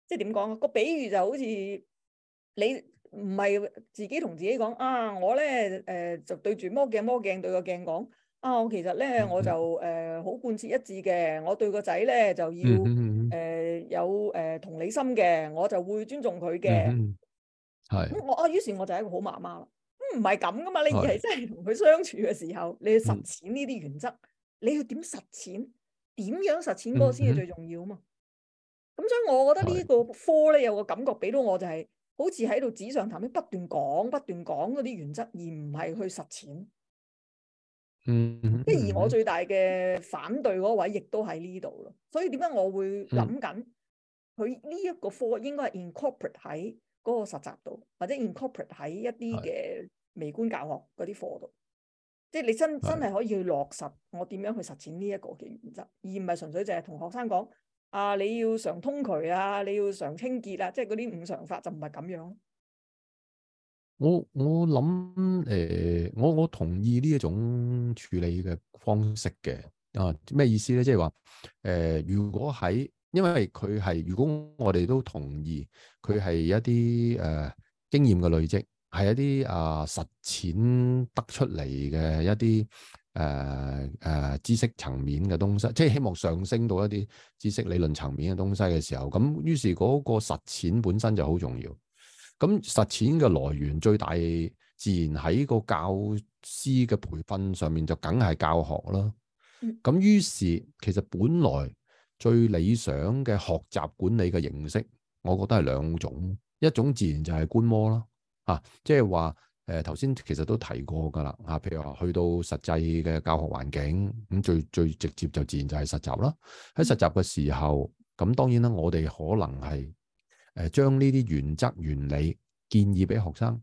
即係點講啊？個比喻就好似你唔係自己同自己講啊，我咧誒、呃、就對住魔鏡魔鏡對個鏡講啊，我其實咧我就誒好、呃、貫徹一致嘅，我對個仔咧就要誒、嗯嗯嗯呃、有誒、呃、同理心嘅，我就會尊重佢嘅。係咁、嗯嗯、我啊，於是我就係一個好媽媽啦。咁唔係咁噶嘛，你而係真係同佢相處嘅時候，你要實踐呢啲原則。嗯你要點實踐？點樣實踐嗰個先係最重要啊嘛！咁、嗯、哼所以我覺得呢一個科咧有個感覺俾到我就係、是、是好似喺度紙上談兵，不斷講不斷講嗰啲原則，而唔係去實踐。嗯哼。即而我最大嘅反對嗰位，亦都喺呢度咯。所以點解我會諗緊佢呢一個科應該係 incorporate 喺嗰個實習度，或者 incorporate 喺一啲嘅微觀教學嗰啲課度。即係你真是真係可以去落實我點樣去實踐呢一個嘅原則，而唔係純粹就係同學生講：啊，你要常通渠啊，你要常清潔啦、啊，即係嗰啲五常法就唔係咁樣。我我諗誒，我、呃、我，我同意呢一種處理嘅方式嘅啊，咩意思咧？即係話誒，如果喺因為佢係，如果我哋都同意佢係一啲誒、呃、經驗嘅累積。係一啲啊、呃、實踐得出嚟嘅一啲誒誒知識層面嘅東西，即係希望上升到一啲知識理論層面嘅東西嘅時候，咁於是嗰個實踐本身就好重要。咁實踐嘅來源最大自然喺個教師嘅培訓上面，就梗係教學啦。咁於是其實本來最理想嘅學習管理嘅形式，我覺得係兩種，一種自然就係觀摩囉。啊，即係話誒，頭先其實都提過噶啦，啊，譬如話去到實際嘅教學環境，咁最最直接就自然就係實習啦。喺實習嘅時候，咁當然啦，我哋可能係誒將呢啲原則、原理、建議俾學生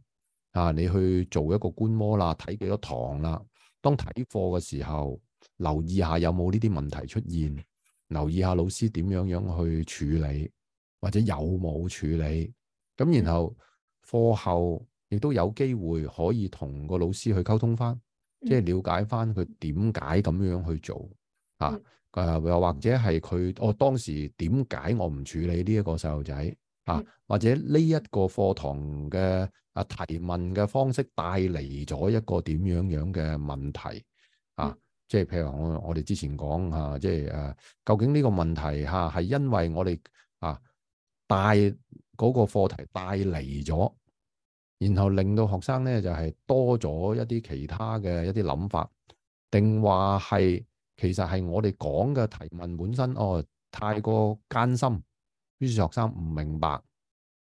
啊，你去做一個觀摩啦，睇幾多堂啦。當睇課嘅時候，留意下有冇呢啲問題出現，留意下老師點樣樣去處理，或者有冇處理。咁然後。嗯課後亦都有機會可以同個老師去溝通返，即係了解返佢點解咁樣去做啊？誒、嗯，又或者係佢哦當時點解我唔處理呢一個細路仔啊？嗯、或者呢一個課堂嘅啊提問嘅方式帶嚟咗一個點樣樣嘅問題啊、嗯、啊？即係譬如我我哋之前講嚇，即係誒，究竟呢個問題嚇係、啊、因為我哋啊帶嗰個課題帶嚟咗？然後令到學生咧就係、是、多咗一啲其他嘅一啲諗法，定話係其實係我哋講嘅提問本身哦太過艱深，於是學生唔明白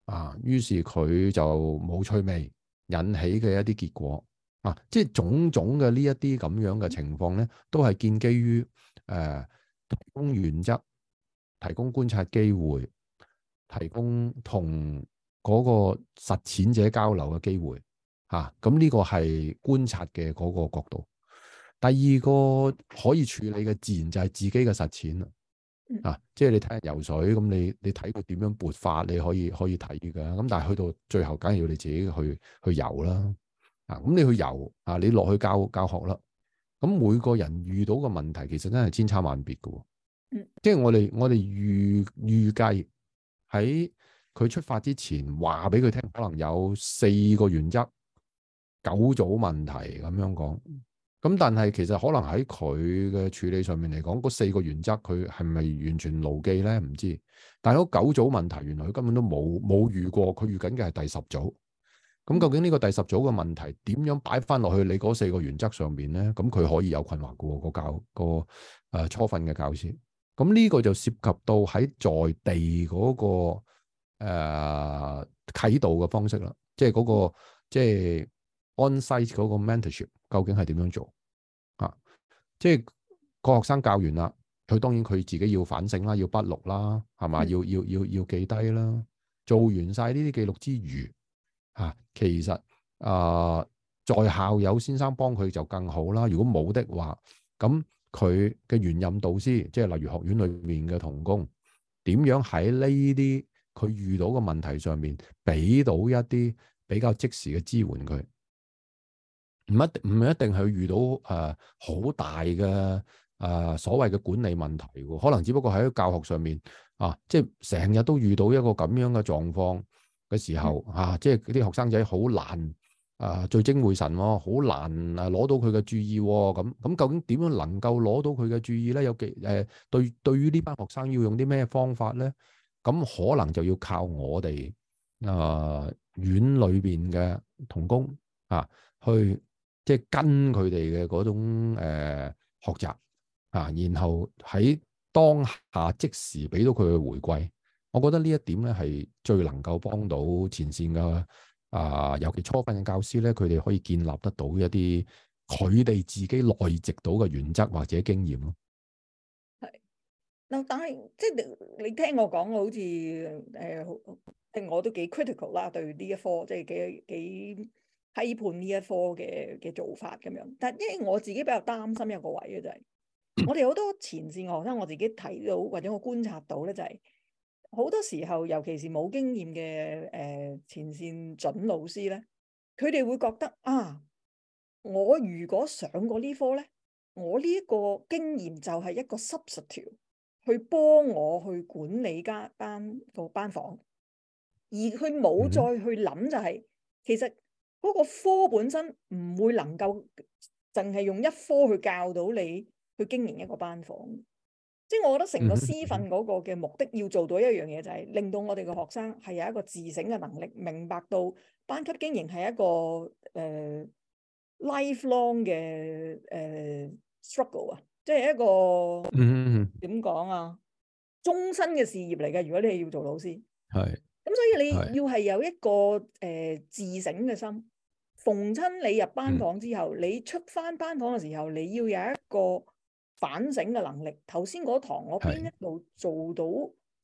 啊，於是佢就冇趣味引起嘅一啲結果啊，即係種種嘅呢一啲咁樣嘅情況咧，都係建基於誒、呃、提供原則、提供觀察機會、提供同。嗰個實踐者交流嘅機會吓，咁、啊、呢個係觀察嘅嗰個角度。第二個可以處理嘅自然就係自己嘅實踐啊，即係你睇下游水，咁你你睇佢點樣撥法，你可以可以睇嘅。咁、啊、但係去到最後，梗係要你自己去去游啦，啊，咁你去游，啊，你落去教教學啦。咁、啊、每個人遇到嘅問題，其實真係千差萬別嘅、哦，即係我哋我哋預預計喺。佢出發之前話俾佢聽，可能有四個原則九組問題咁樣講。咁但係其實可能喺佢嘅處理上面嚟講，嗰四個原則佢係咪完全牢記咧？唔知。但係嗰九組問題，原來佢根本都冇冇遇過，佢遇緊嘅係第十組。咁究竟呢個第十組嘅問題點樣擺翻落去你嗰四個原則上面咧？咁佢可以有困惑嘅喎。嗰個教、嗰個誒初訓嘅教師，咁呢個就涉及到喺在，在地嗰、嗰個。誒，啟、呃、動嘅方式啦，即係嗰、那個即係 on site 嗰個 mentorship，究竟係點樣做啊？即係、那個學生教完啦，佢當然佢自己要反省啦，要筆錄啦，係嘛？要要要要記低啦。做完晒呢啲記錄之餘，啊，其實誒、啊，在校有先生幫佢就更好啦。如果冇的話，咁佢嘅原任導師，即係例如學院裏面嘅同工，點樣喺呢啲？佢遇到個問題上面，俾到一啲比較即時嘅支援佢，唔一唔一定係遇到誒好、呃、大嘅誒、呃、所謂嘅管理問題喎，可能只不過喺教學上面啊，即係成日都遇到一個咁樣嘅狀況嘅時候嚇、嗯啊，即係啲學生仔好難誒聚、啊、精會神喎、哦，好難攞、啊、到佢嘅注意咁、哦，咁究竟點樣能夠攞到佢嘅注意咧？有幾誒、呃、對對於呢班學生要用啲咩方法咧？咁可能就要靠我哋啊、呃，院裏邊嘅同工啊，去即係跟佢哋嘅嗰種誒、呃、學習啊，然後喺當下即時俾到佢嘅回饋。我覺得呢一點咧係最能夠幫到前線嘅啊，尤其初訓嘅教師咧，佢哋可以建立得到一啲佢哋自己內植到嘅原則或者經驗咯。嗱，但係即係你，你聽我講，好似誒、呃，即我都幾 critical 啦，對呢一科，即係幾幾批判呢一科嘅嘅做法咁樣。但係因為我自己比較擔心一個位咧，就係、是、我哋好多前線我，學生，我自己睇到或者我觀察到咧，就係、是、好多時候，尤其是冇經驗嘅誒、呃、前線準老師咧，佢哋會覺得啊，我如果上過呢科咧，我呢一個經驗就係一個 substantial 去幫我去管理間班個班房，而佢冇再去諗就係、是、其實嗰個科本身唔會能夠淨係用一科去教到你去經營一個班房。即係我覺得成個私訓嗰個嘅目的要做到一樣嘢，就是，就係令到我哋嘅學生係有一個自省嘅能力，明白到班級經營係一個誒、呃、lifelong 嘅誒、呃、struggle 啊。即係一個、嗯、點講啊，終身嘅事業嚟嘅。如果你係要做老師，係咁是，所以你要係有一個誒是、呃、自省嘅心。逢親你入班房之後，嗯、你出翻班房嘅時候，你要有一個反省嘅能力。頭先嗰堂我邊一度做到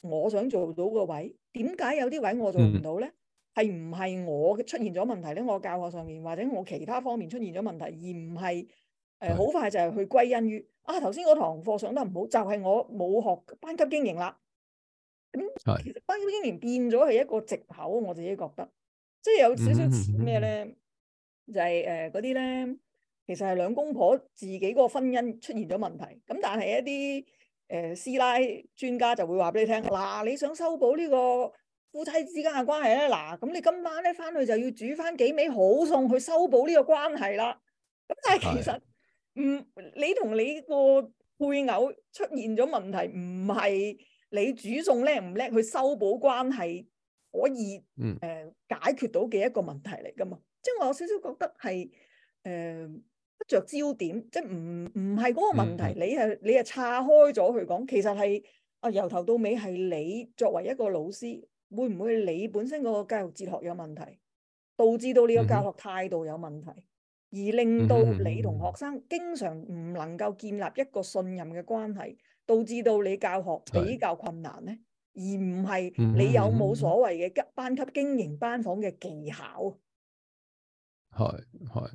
我想做到個位，點解是有啲位我做唔到咧？係唔係我出現咗問題咧？我教學上面或者我其他方面出現咗問題，而唔係。誒好快就係去歸因於啊頭先嗰堂課上得唔好，就係、是、我冇學班級經營啦。咁的其實班級經營變咗係一個藉口，我自己覺得，即係有少少似咩咧，嗯嗯嗯嗯就係誒嗰啲咧，其實係兩公婆自己個婚姻出現咗問題。咁但係一啲誒、呃、師奶專家就會話俾你聽，嗱、啊、你想修補呢個夫妻之間嘅關係咧，嗱、啊、咁你今晚咧翻去就要煮翻幾味好餸去修補呢個關係啦。咁但係其實，唔、嗯，你同你個配偶出現咗問題，唔係你煮餸叻唔叻，去修補關係可以，誒、呃，解決到嘅一個問題嚟噶嘛。即係我有少少覺得係，誒、呃，不着焦點，即係唔唔係嗰個問題，嗯嗯、你係你係岔開咗去講，其實係啊，由頭到尾係你作為一個老師，會唔會你本身個教育哲學有問題，導致到你個教學態度有問題？嗯嗯而令到你同學生經常唔能夠建立一個信任嘅關係，導致到你教學比較困難咧，而唔係你有冇所謂嘅班級經營班房嘅技巧。係係，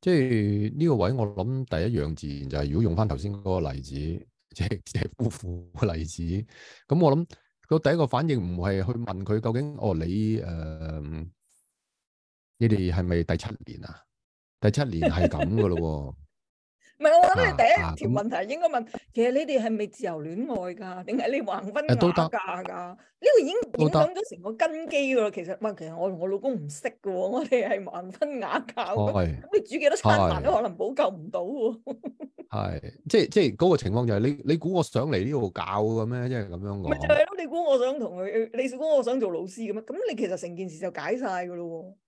即係呢個位，我諗第一樣自然就係，如果用翻頭先嗰個例子，即係即係夫婦嘅例子，咁我諗佢個第一個反應唔係去問佢究竟哦，你誒你哋係咪第七年啊？第七年係咁噶咯，唔係 [laughs] 我覺得你第一條問題應該問，啊啊、其實你哋係咪自由戀愛噶，定係你盲婚啞嫁噶？呢個已經影響咗成個根基咯。其實唔係，其實我同我老公唔識噶喎，我哋係盲婚啞嫁咁。咁、哎、你煮幾多餐飯都可能補救唔到喎。係、哎、 [laughs] 即係即係嗰、那個情況就係、是、你你估我想嚟呢度教嘅咩？即係咁樣講。咪就係咯，你估我想同佢、 [laughs] 就是、你,你估我想做老師嘅咩？咁你,你,你,你,你,你,你其實成件事就解晒噶咯喎。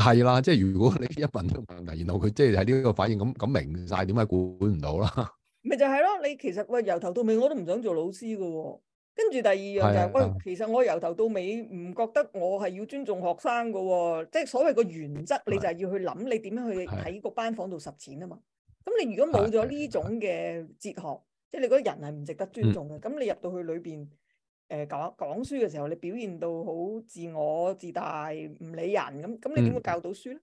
係啦，即係如果你一問都問題，然後佢即係喺呢個反應咁咁明晒點解管唔到啦。咪就係咯，你其實喂、呃、由頭到尾我都唔想做老師嘅喎、哦。跟住第二樣就係、是、喂，是的 其實我由頭到尾唔覺得我係要尊重學生嘅喎、哦。即係所謂個原則，是的 你就係要去諗你點樣去喺個班房度實踐啊嘛。咁是的 你如果冇咗呢種嘅哲學，即係是的 你覺得人係唔值得尊重嘅，咁、嗯、你入到去裏邊。誒、呃，講講書嘅時候，你表現到好自我自大，唔理人咁，咁你點會教到書咧？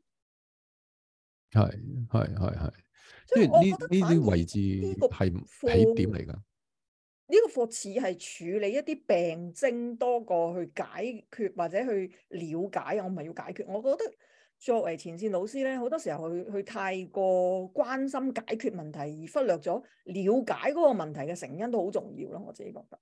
係係係係，嗯嗯嗯嗯嗯嗯、所以我覺得呢啲位置呢個係點嚟噶。呢個課似係處理一啲病症多過去解決或者去了解，去了解我唔係要解決。我覺得作為前線老師咧，好多時候去去，去太過關心解決問題而忽略咗了解嗰個問題嘅成因都好重要咯。我自己覺得。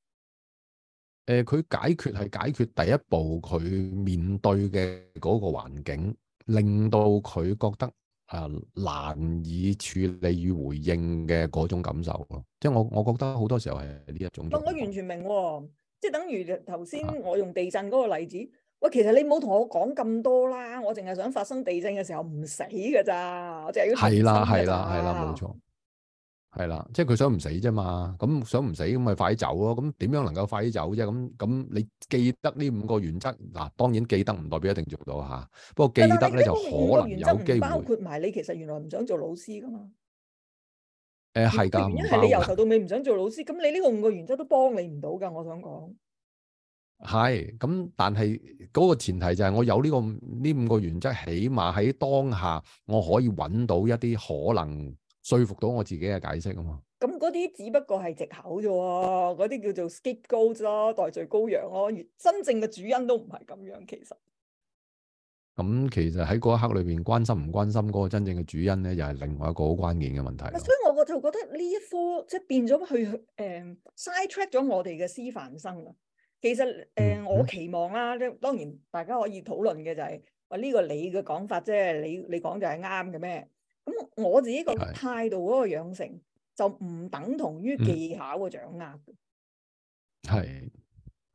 誒，佢、呃、解決係解決第一步，佢面對嘅嗰個環境，令到佢覺得誒、呃、難以處理與回應嘅嗰種感受咯。即係我我覺得好多時候係呢一種。我完全明、哦，即係等於頭先我用地震嗰個例子，啊、喂，其實你冇同我講咁多啦，我淨係想發生地震嘅時候唔死噶咋，我淨係要。係啦，係啦，係啦，冇錯。係啦，即係佢想唔死啫嘛，咁想唔死咁咪快啲走咯、啊。咁點樣能夠快啲走啫？咁咁你記得呢五個原則嗱，當然記得唔代表一定做到吓。不過記得咧就可能有機會。個個包括埋你其實原來唔想做老師噶嘛？誒係噶，你由頭到尾唔想做老師。咁、呃、你呢個五個原則都幫你唔到噶，我想講。係，咁但係嗰個前提就係我有呢、呢個呢五個原則，起碼喺當下我可以揾到一啲可能。說服到我自己嘅解釋啊嘛，咁嗰啲只不過係借口啫喎，嗰啲叫做 scapegoat 咯，代罪羔羊咯，真正嘅主因都唔係咁樣。其實，咁其實喺嗰一刻裏邊，關心唔關心嗰個真正嘅主因咧，又係另外一個好關鍵嘅問題。所以，我我就覺得呢一科即係變咗去誒，side track 咗我哋嘅師範生啦。其實誒，我期望啦，即係當然，大家可以討論嘅就係，喂，呢個你嘅講法，即係你你講就係啱嘅咩？咁我自己個態度嗰個養成是就唔等同於技巧嘅掌握，係、嗯。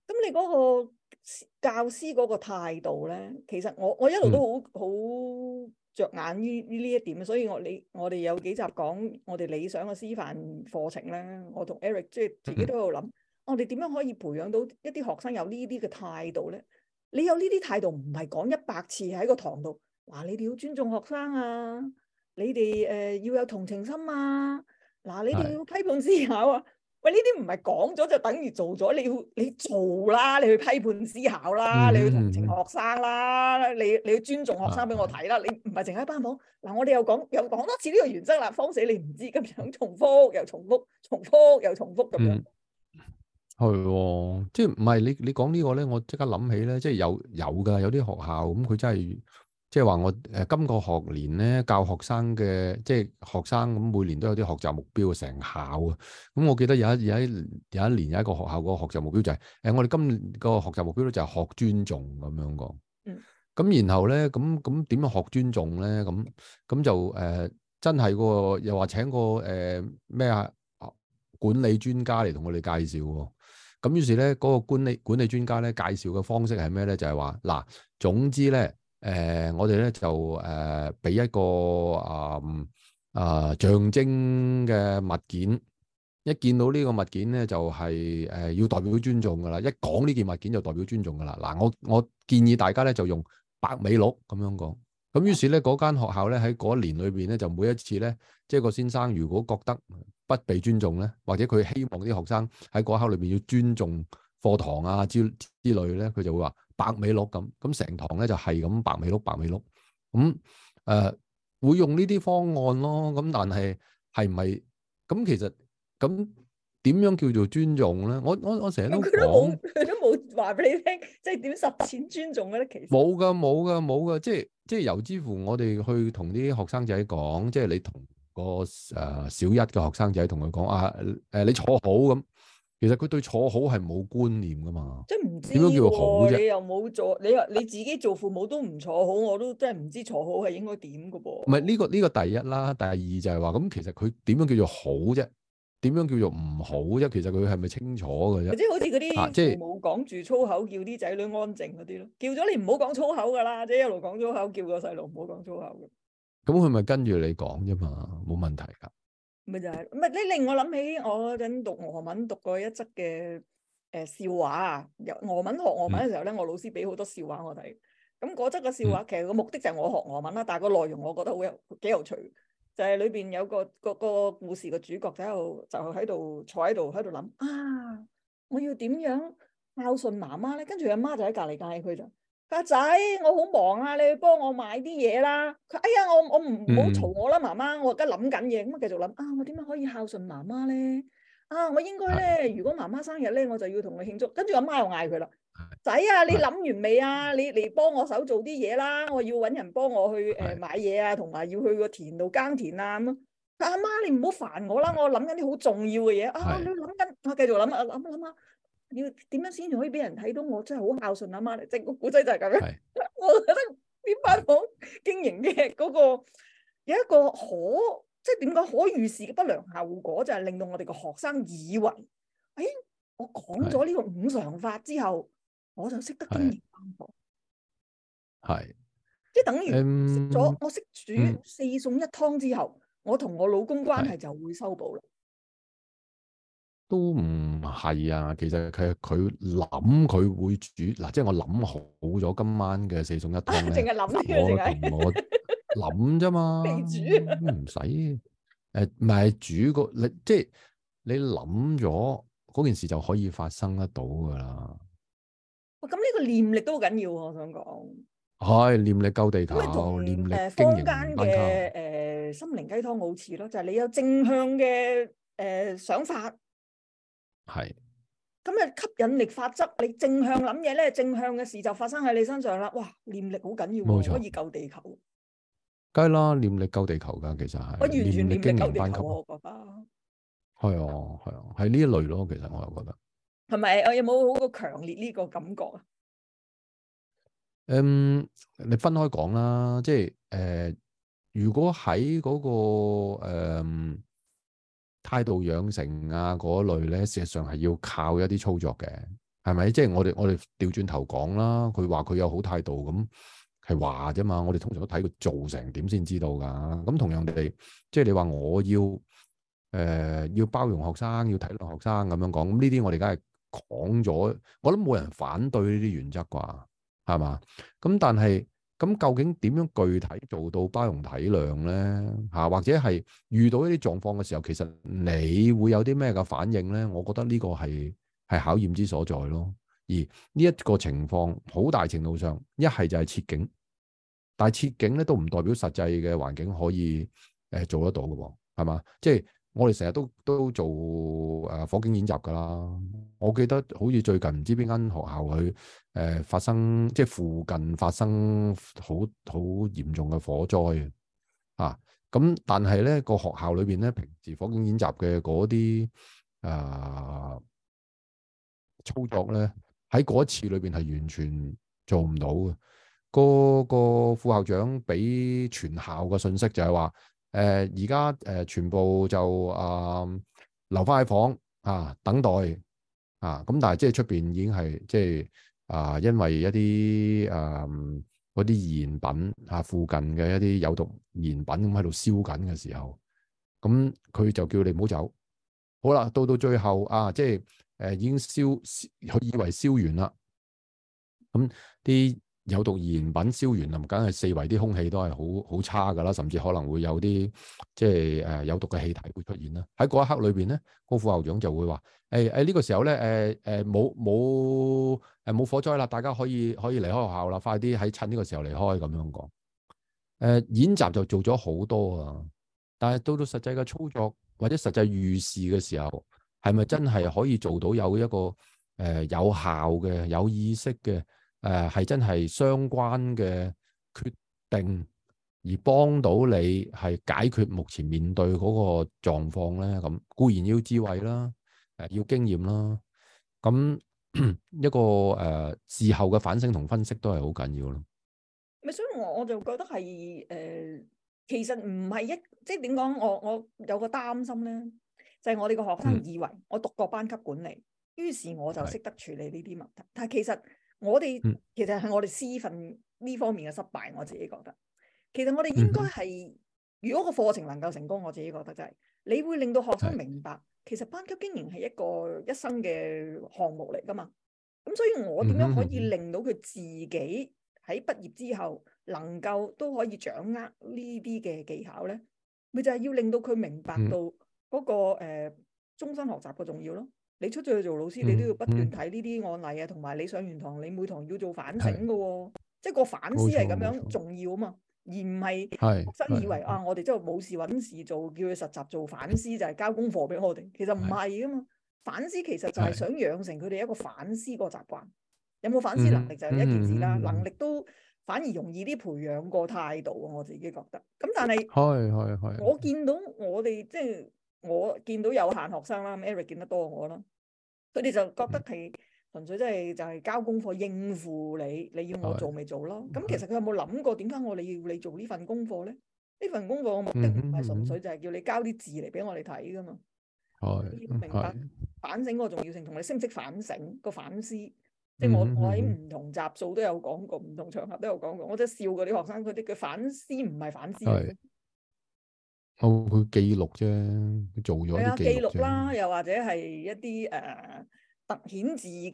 咁你嗰個教師嗰個態度咧，其實我我一路都好好着眼於呢呢一點，所以我你我哋有幾集講我哋理想嘅師範課程咧，我同 Eric 即係自己都有諗，嗯、我哋點樣可以培養到一啲學生有呢啲嘅態度咧？你有呢啲態度唔係講一百次喺個堂度，話你哋要尊重學生啊！你哋誒、呃、要有同情心啊！嗱，你哋要批判思考啊！喂是，呢啲唔係講咗就等於做咗，你要你做啦，你去批判思考啦，嗯、你去同情學生啦，你你去尊重學生俾我睇啦。你唔係淨係一班房嗱，我哋又講又講多次呢個原則啦，慌死你唔知咁樣重複又重複，重複又重複咁樣。係、嗯哦，即係唔係你你講呢個咧？我即刻諗起咧，即係有有噶，有啲學校咁，佢真係。即係話我誒、呃、今個學年咧教學生嘅，即係學生咁每年都有啲學習目標成考啊。咁、嗯、我記得有一有一有一年有一個學校個學習目標就係、是、誒、呃、我哋今個學習目標咧就係學尊重咁樣講。咁然後咧咁咁點樣學尊重咧？咁咁就誒、呃、真係個又話請個誒咩啊管理專家嚟同我哋介紹、哦。咁於是咧嗰、那個管理管理專家咧介紹嘅方式係咩咧？就係話嗱，總之咧。誒、呃，我哋咧就誒俾、呃、一個啊啊、呃呃、象徵嘅物件，一見到呢個物件咧就係、是、誒、呃、要代表尊重噶啦，一講呢件物件就代表尊重噶啦。嗱，我我建議大家咧就用白美六咁樣講，咁於是咧嗰間學校咧喺嗰一年裏邊咧就每一次咧，即係個先生如果覺得不被尊重咧，或者佢希望啲學生喺嗰刻裏邊要尊重課堂啊之之類咧，佢就會話。白尾碌咁，咁成堂咧就係咁白尾碌白尾碌，咁誒、呃、會用呢啲方案咯。咁但係係唔係咁？其實咁點樣叫做尊重咧？我我我成日都講，佢都冇佢都冇話俾你聽，即係點實踐尊重嘅咧。其實冇噶冇噶冇噶，即係即係由之乎我哋去同啲學生仔講，即係你同個誒小一嘅學生仔同佢講啊誒，你坐好咁。其實佢對坐好係冇觀念噶嘛，即係唔知點、啊、樣叫做好啫。你又冇做，你你自己做父母都唔坐好，我都真係唔知坐好係應該點噶噃。唔係呢個呢、呢個第一啦，第二就係話咁其實佢點樣叫做好啫？點樣叫做唔好啫？其實佢係咪清楚嘅啫、啊就是？即係好似嗰啲冇講住粗口，叫啲仔女安靜嗰啲咯。叫咗你唔好講粗口噶啦，即係一路講粗口，叫個細路唔好講粗口咁。咁佢咪跟住你講啫嘛，冇問題噶。咪就係，咪你令我諗起我嗰陣讀俄文讀過一則嘅誒笑話啊！由俄文學俄文嘅時候咧，我老師俾好多笑話我睇。咁嗰則嘅笑話其實個目的就係我學俄文啦，但係個內容我覺得好有幾有趣。就係裏邊有個個個個故事嘅主角喺度就喺度坐喺度喺度諗啊！我要點樣孝順媽媽咧？跟住阿媽就喺隔離教佢就。阿仔，我好忙啊！你去幫我買啲嘢啦。佢，哎呀，我我唔好嘈我啦，我嗯、媽媽，我而家諗緊嘢，咁啊繼續諗。啊，我點樣可以孝順媽媽咧？啊，我應該咧，是的 如果媽媽生日咧，我就要同佢慶祝。跟住阿媽又嗌佢啦，仔啊是的，你諗完未啊？你嚟幫我手做啲嘢啦。我要搵人幫我去誒買嘢啊，同埋是的 要去個田度耕田啊咁咯。阿媽，媽，你唔好煩我啦，我諗緊啲好重要嘅嘢。是的 啊，你諗緊，我繼續諗啊，諗啊諗要點樣先可以俾人睇到我真係好孝順阿媽咧？即係、就是、個古仔就係咁樣。是我覺得呢班房經營嘅嗰個有一個可即係點講可預示嘅不良效果，就係、是、令到我哋嘅學生以為，誒、欸，我講咗呢個五常法之後，是我就識得經營班房。係即係等於，識咗我識煮四餸一湯之後，是我同我老公關係就會修補啦。都唔係啊，其實佢佢諗佢會煮嗱，即係我諗好咗今晚嘅四餸一湯咧，淨係諗嘅，淨係諗啫嘛，未煮唔使誒，唔係、 [laughs] 哎、煮個、哎、你即係你諗咗嗰件事就可以發生得到噶啦。喂、哦，咁、這、呢個念力都好緊要、啊，我想講係、哎、念力救地球，嗯、念力經營坊間嘅誒、嗯呃、心靈雞湯好似咯，就係你有正向嘅誒想法。呃係咁啊！吸引力法則，你正向諗嘢咧，正向嘅事就發生喺你身上啦。哇！念力好緊要，冇錯，可以救地球。梗係啦，念力救地球噶，其實係我完全念力救地球喎，我覺得。係喎，係喎，係呢類囉。其實我又覺得，係咪我有冇好強烈呢個感覺？嗯，你分開講啦，即係如果喺嗰個態度養成啊嗰一類咧，事實上係要靠一啲操作嘅，係咪？即係我哋我哋調轉頭講啦，佢話佢有好態度，咁係話啫嘛，我哋通常都睇佢做成點先知道噶。咁同樣地，即係你話我要誒、呃、要包容學生，要體諒學生咁樣講，咁呢啲我哋梗係講咗，我諗冇人反對呢啲原則啩，係嘛？咁但係。咁究竟點樣具體做到包容體諒呢？嚇、啊，或者係遇到一啲狀況嘅時候，其實你會有啲咩嘅反應呢？我覺得呢個係係考驗之所在咯。而呢一個情況，好大程度上一係就係切境，但係切境咧都唔代表實際嘅環境可以誒、呃、做得到嘅喎、哦，係嘛？即係。我哋成日都都做誒、啊，火警演習㗎喇。我記得好似最近唔知邊間學校佢誒、呃、發生，即、就、係、是、附近發生好好嚴重嘅火災啊。咁但係咧個學校裏邊咧，平時火警演習嘅嗰啲誒操作咧，喺嗰一次裏邊係完全做唔到嘅。個、那個副校長俾全校嘅訊息就係話。誒而家誒全部就誒、呃、留翻喺房啊，等待啊，咁但係即係出邊已經係即係啊，因為一啲誒嗰啲燃品啊，附近嘅一啲有毒燃品咁喺度燒緊嘅時候，咁、啊、佢就叫你唔好走。好啦，到到最後啊，即係誒、啊、已經燒，佢以為燒完啦，咁、啊、啲。有毒燃品燒完，咁梗係四圍啲空氣都係好好差噶啦，甚至可能會有啲即係誒、呃、有毒嘅氣體會出現啦。喺嗰一刻裏邊咧，高副校長就會話：誒誒呢個時候咧，誒誒冇冇誒冇火災啦，大家可以可以離開學校啦，快啲喺趁呢個時候離開咁樣講。誒、呃、演習就做咗好多啊，但係到到實際嘅操作或者實際預示嘅時候，係咪真係可以做到有一個誒、呃、有效嘅有意識嘅？誒，係、呃、真係相關嘅決定而幫到你係解決目前面對嗰個狀況咧，咁固然要智慧啦，誒、呃、要經驗啦，咁一個誒、呃、事後嘅反省同分析都係好緊要咯。咪所以我我就覺得係誒、呃，其實唔係一即係點講，我我有個擔心咧，就係、是、我哋個學生以為我讀過班級管理，嗯、於是我就識得處理呢啲問題，的但係其實。我哋其實係我哋師訓呢方面嘅失敗，我自己覺得。其實我哋應該係，如果個課程能夠成功，我自己覺得就係、是，你會令到學生明白，其實班級經營係一個一生嘅項目嚟㗎嘛。咁所以，我點樣可以令到佢自己喺畢業之後能夠都可以掌握呢啲嘅技巧咧？咪就係要令到佢明白到嗰、那個誒終身學習嘅重要咯。你出咗去做老師，你都要不斷睇呢啲案例啊，同埋、嗯嗯、你上完堂，你每堂要做反省噶喎、哦，的即係個反思係咁樣重要啊嘛，錯而唔係學生以為啊，我哋即係冇事揾事做，叫佢實習做反思就係、是、交功課俾我哋，其實唔係噶嘛，的反思其實就係想養成佢哋一個反思個習慣，的有冇反思能力就係一件事啦，嗯嗯嗯嗯嗯、能力都反而容易啲培養個態度，我自己覺得。咁但係，係係係，我見到我哋即係。我見到有限學生啦，Eric 見得多了我啦，佢哋就覺得佢純粹即係就係交功課應付你，你要我做咪做咯。咁其實佢有冇諗過點解我你要你做呢份功課咧？呢份功課嘅目的唔係純粹就係叫你交啲字嚟俾我哋睇噶嘛。哦，明白。反省個重要性，同你識唔識反省個反思，即係我我喺唔同集數都有講過，唔同場合都有講過。我真係笑嗰啲學生佢啲，佢反思唔係反思。哦，佢記錄啫，佢做咗啊，記錄啦，又或者係一啲誒突顯自己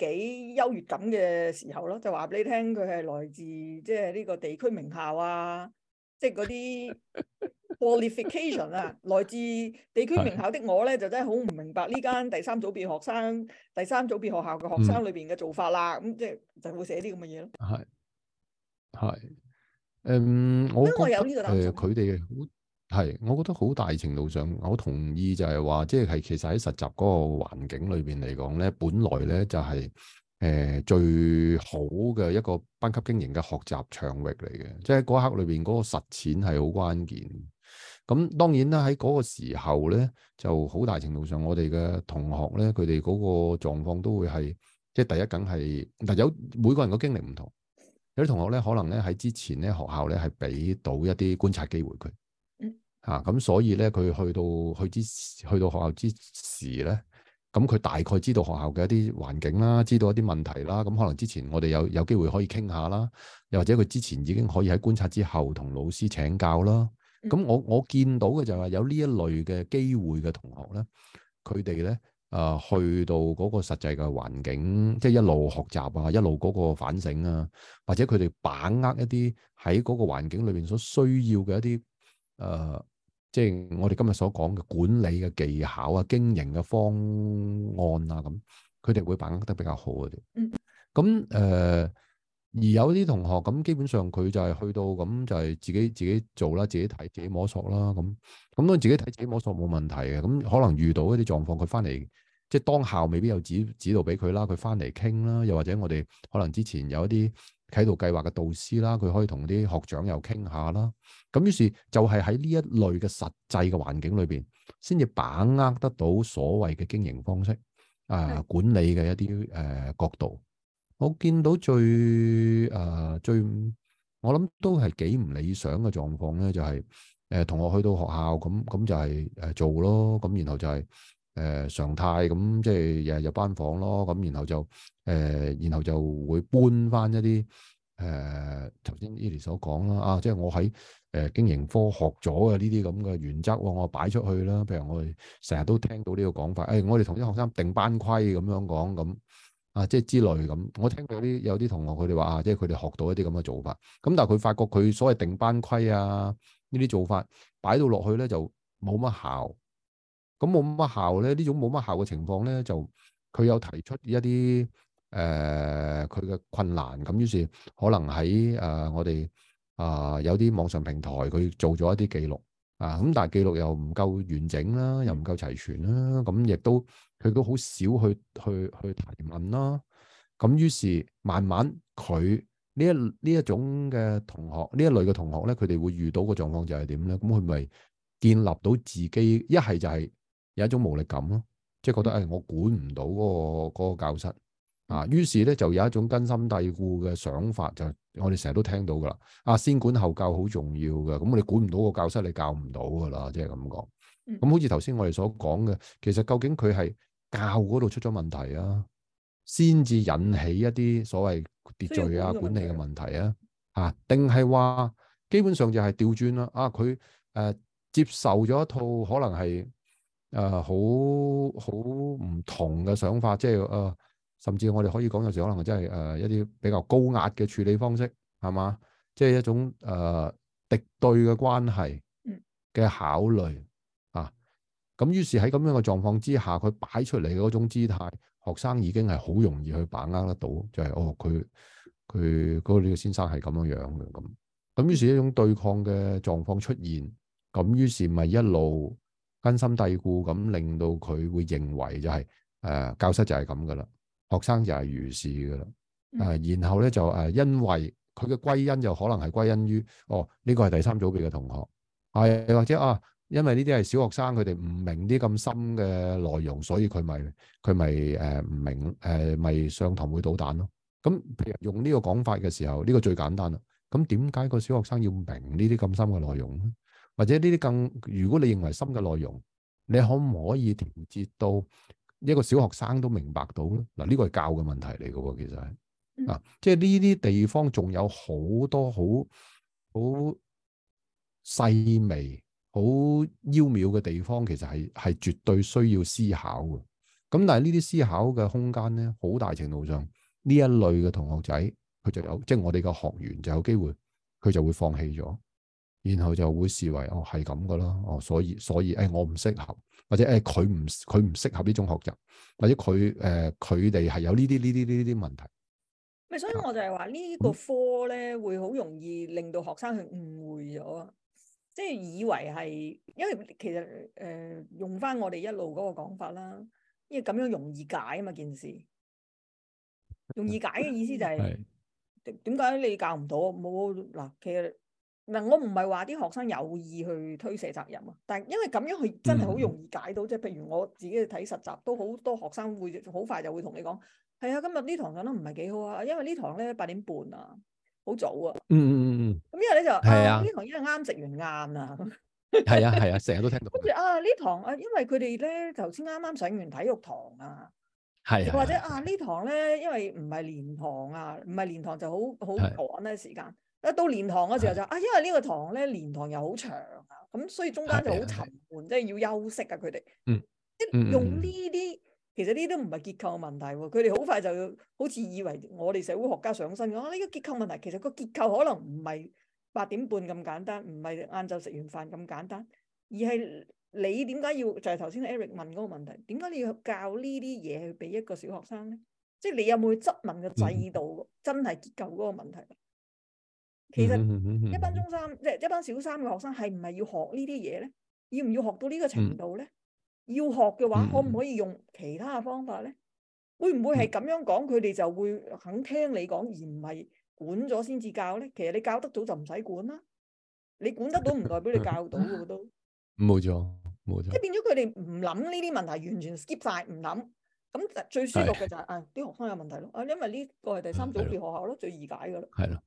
優越感嘅時候咯，就話俾你聽佢係來自即係呢個地區名校啊，即係嗰啲 qualification 啊， [laughs] 來自地區名校的我咧是就真係好唔明白呢間第三組別學生、第三組別學校嘅學生裏邊嘅做法啦，咁即係就會寫啲咁嘅嘢咯。係係，誒、嗯，我覺得誒佢哋嘅係，我覺得好大程度上，我同意就係話，即係其實喺實習嗰個環境裏邊嚟講咧，本來咧就係、是、誒、呃、最好嘅一個班級經營嘅學習場域嚟嘅，即係嗰刻裏邊嗰個實踐係好關鍵。咁當然啦，喺嗰個時候咧，就好大程度上我哋嘅同學咧，佢哋嗰個狀況都會係，即係第一梗係嗱，有每個人嘅經歷唔同，有啲同學咧可能咧喺之前咧學校咧係俾到一啲觀察機會佢。啊，咁所以咧，佢去到去之去到學校之時咧，咁佢大概知道學校嘅一啲環境啦，知道一啲問題啦，咁可能之前我哋有有機會可以傾下啦，又或者佢之前已經可以喺觀察之後同老師請教啦。咁我我見到嘅就係有呢一類嘅機會嘅同學咧，佢哋咧誒去到嗰個實際嘅環境，即係一路學習啊，一路嗰個反省啊，或者佢哋把握一啲喺嗰個環境裏邊所需要嘅一啲誒。呃即係我哋今日所講嘅管理嘅技巧啊，經營嘅方案啊，咁佢哋會把握得比較好嘅。嗯，咁、呃、誒，而有啲同學咁，基本上佢就係去到咁就係、是、自己自己做啦，自己睇自己摸索啦，咁咁當然自己睇自己摸索冇問題嘅。咁可能遇到一啲狀況，佢翻嚟即係當校未必有指指導俾佢啦，佢翻嚟傾啦，又或者我哋可能之前有一啲。啟導計劃嘅導師啦，佢可以同啲學長又傾下啦。咁於是就係喺呢一類嘅實際嘅環境裏邊，先至把握得到所謂嘅經營方式啊、呃，管理嘅一啲誒、呃、角度。我見到最誒、呃、最我諗都係幾唔理想嘅狀況咧，就係、是、誒、呃、同學去到學校咁咁就係誒做咯。咁然後就係、是。誒、呃、常態咁、嗯，即係日日入班房咯，咁然後就誒、呃，然後就會搬翻一啲誒，頭先伊研所講啦，啊，即係我喺誒、呃、經營科學咗嘅呢啲咁嘅原則，我擺出去啦。譬如我哋成日都聽到呢個講法，誒、哎，我哋同啲學生定班規咁樣講咁，啊，即係之類咁。我聽到啲有啲同學佢哋話啊，即係佢哋學到一啲咁嘅做法，咁但係佢發覺佢所謂定班規啊呢啲做法擺到落去咧，就冇乜效。咁冇乜效咧，種效呢種冇乜效嘅情況咧，就佢有提出一啲誒、佢、呃、嘅困難。咁、嗯、於是可能喺誒、呃、我哋啊、呃、有啲網上平台，佢做咗一啲記錄啊。咁但係記錄又唔夠完整啦，又唔夠齊全啦。咁、嗯、亦、嗯、都佢都好少去去去提問啦。咁、嗯、於是慢慢佢呢一呢一種嘅同學，呢一類嘅同學咧，佢哋會遇到嘅狀況就係點咧？咁佢咪建立到自己一係就係、是。有一種無力感咯，即係覺得誒、哎，我管唔到嗰個、嗰個教室啊。於是咧就有一種根深蒂固嘅想法，就我哋成日都聽到噶啦。啊，先管後教好重要嘅，咁我哋管唔到個教室，你教唔到噶啦，即係咁講。咁、嗯嗯嗯、好似頭先我哋所講嘅，其實究竟佢係教嗰度出咗問題啊，先至引起一啲所謂秩序啊、管理嘅問題啊，吓定係話基本上就係調轉啦啊？佢誒、呃、接受咗一套可能係。誒，好好唔同嘅想法，即係誒，uh，甚至我哋可以講有時可能真係誒一啲比較高壓嘅處理方式，係嘛？即係一種誒敵對嘅關係嘅考慮啊。咁於是喺咁樣嘅狀況之下，佢擺出嚟嗰種姿態，學生已經係好容易去把握得到，就係哦，佢佢嗰呢個先生係咁樣樣嘅咁。咁於是，一種對抗嘅狀況出現，咁於是咪一路。根深蒂固咁令到佢會認為就係、是、誒、呃、教室就係咁噶啦，學生就係如是噶啦。誒、呃，然後咧就誒、呃，因為佢嘅歸因就可能係歸因於哦，呢、這個係第三組別嘅同學，係或者啊，因為呢啲係小學生佢哋唔明啲咁深嘅內容，所以佢咪佢咪誒唔明誒，咪、呃、上堂會搗蛋咯。咁、嗯、譬如用呢個講法嘅時候，呢、這個最簡單啦。咁點解個小學生要明這這呢啲咁深嘅內容咧？或者呢啲更，如果你認為深嘅內容，你可唔可以調節到一個小學生都明白到咧？嗱，呢個係教嘅問題嚟嘅喎，其實，啊，即係呢啲地方仲有好多好好細微、好微妙嘅地方，其實係係絕對需要思考嘅。咁但係呢啲思考嘅空間咧，好大程度上呢一類嘅同學仔，佢就有，即係、就是、我哋嘅學員就有機會，佢就會放棄咗。然後就會視為哦係咁嘅咯，哦，哦所以所以誒、哎、我唔適合，或者誒佢唔佢唔適合呢種學習，或者佢誒佢哋係有呢啲呢啲呢啲問題。咪所以我就係話呢個科咧，會好容易令到學生去誤會咗，即係以為係，因為其實誒、呃、用翻我哋一路嗰個講法啦，因為咁樣容易解啊嘛件事。容易解嘅意思就係點解你教唔到？冇嗱其實。嗱，我唔係話啲學生有意去推卸責任啊，但係因為咁樣佢真係好容易解到，即係譬如我自己去睇實習，都好多學生會好快就會同你講，係啊，今日呢堂上得唔係幾好啊，因為呢堂咧八點半啊，好早啊。嗯嗯嗯嗯。咁因為咧就啊呢堂因為啱食完晏啊。係啊係啊，成日、啊、都聽到。跟住啊呢堂啊，因為佢哋咧頭先啱啱上完體育堂啊。係或者啊，啊，啊堂呢堂咧，因為唔係連堂啊，唔係連堂就好好趕咧時間。一到連堂嘅時候就的啊，因為呢個堂咧連堂又好長啊，咁所以中間就好沉悶，的即係要休息啊。佢哋、嗯，即係用呢啲，嗯、其實呢啲都唔係結構問題喎。佢哋好快就要好似以為我哋社會學家上身咁呢、啊呢個結構問題其實個結構可能唔係八點半咁簡單，唔係晏晝食完飯咁簡單，而係你點解要就係頭先 Eric 問嗰個問題，點解你要教呢啲嘢去俾一個小學生咧？即係你有冇質問個制度真係結構嗰個問題？嗯其實一班中三，即係一班小三嘅學生，係唔係要學呢啲嘢咧？要唔要學到呢個程度咧？要學嘅話，可唔可以用其他嘅方法咧？會唔會係咁樣講，佢哋、嗯、就會肯聽你講，而唔係管咗先至教咧？其實你教得早就唔使管啦，你管得到唔代表你教到嘅都冇錯，冇錯，即係變咗佢哋唔諗呢啲問題，完全 skip 晒唔諗。咁最舒服嘅就係誒啲學生有問題咯。啊，因為呢個係第三組別學校咯，最易解㗎啦。係咯。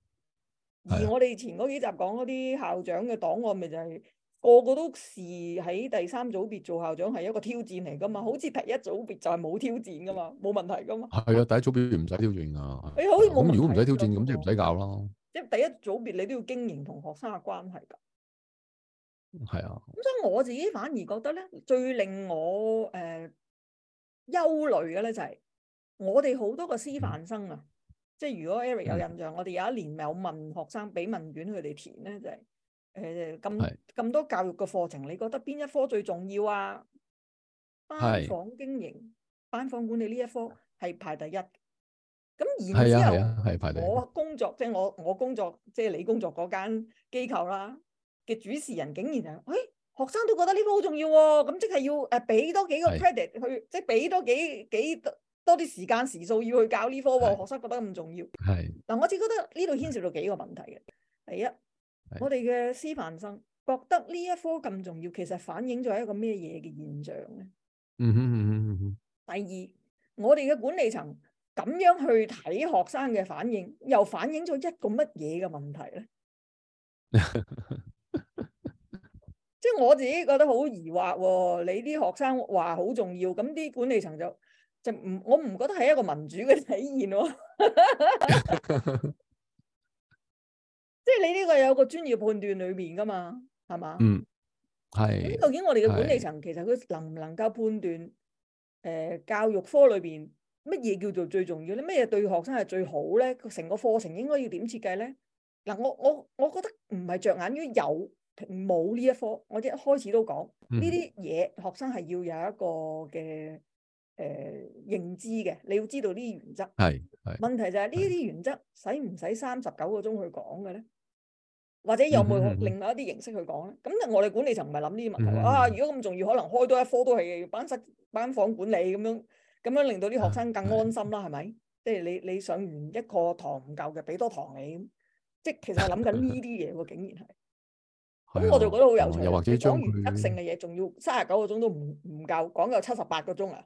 而我哋前嗰幾集講嗰啲校長嘅檔案、就是，咪就係個個都係喺第三組別做校長，係一個挑戰嚟㗎嘛？好似第一組別就係冇挑戰㗎嘛，冇問題㗎嘛？係啊，第一組別唔使挑戰啊。你、哎、好似冇咁，如果唔使挑戰，咁即係唔使搞啦。即係第一組別，你都要經營同學生嘅關係㗎。係啊的，咁所以我自己反而覺得咧，最令我誒、呃、憂慮嘅咧就係、是、我哋好多個師範生啊。嗯即係如果 Eric 有印象，嗯、我哋有一年咪有問學生俾問卷佢哋填咧，就係誒咁咁多教育嘅課程，你覺得邊一科最重要啊？班房經營、是班房管理呢一科係排第一。咁然後之後，我工作即係我我工作即係你工作嗰間機構啦嘅主持人，竟然就誒、是哎、學生都覺得呢科好重要喎、啊，咁即係要誒俾、呃、多幾個 credit 是去，即係俾多幾幾，幾多啲時間時數要去教呢科，的學生覺得咁重要。係嗱的，我只覺得呢度牽涉到幾個問題嘅。第一，的我哋嘅師範生覺得呢一科咁重要，其實反映咗一個咩嘢嘅現象咧？嗯哼嗯哼嗯嗯嗯。第二，我哋嘅管理層咁樣去睇學生嘅反應，又反映咗一個乜嘢嘅問題咧？ [laughs] 即係我自己覺得好疑惑哦。你啲學生話好重要，咁啲管理層就。就唔，我唔覺得係一個民主嘅體現喎。即係你呢個有個專業判斷裏邊噶嘛，係嘛？嗯，係。咁究竟我哋嘅管理層其實佢能唔能夠判斷？誒是、呃，教育科裏邊乜嘢叫做最重要咧？乜嘢對學生係最好咧？成個課程應該要點設計咧？嗱，我我我覺得唔係着眼於有冇呢一科，我一開始都講呢啲嘢，學生係要有一個嘅。誒、呃，認知嘅，你要知道呢啲原則。係係。問題就係、是、是呢啲原則使唔使三十九個鐘去講嘅咧？或者有冇另外一啲形式去講咧？咁我哋管理層唔係諗呢啲問題。啊，如果咁重要，可能開多一科都係班室班房管理咁樣，咁樣令到啲學生更安心啦，係咪？即係你你上完一個堂唔夠嘅，俾多堂你。即係其實係諗緊呢啲嘢喎，竟然係。咁 [laughs] 我就覺得好有趣、嗯。又或者講原則性嘅嘢，仲要三十九個鐘都唔唔夠，講夠七十八個鐘啊！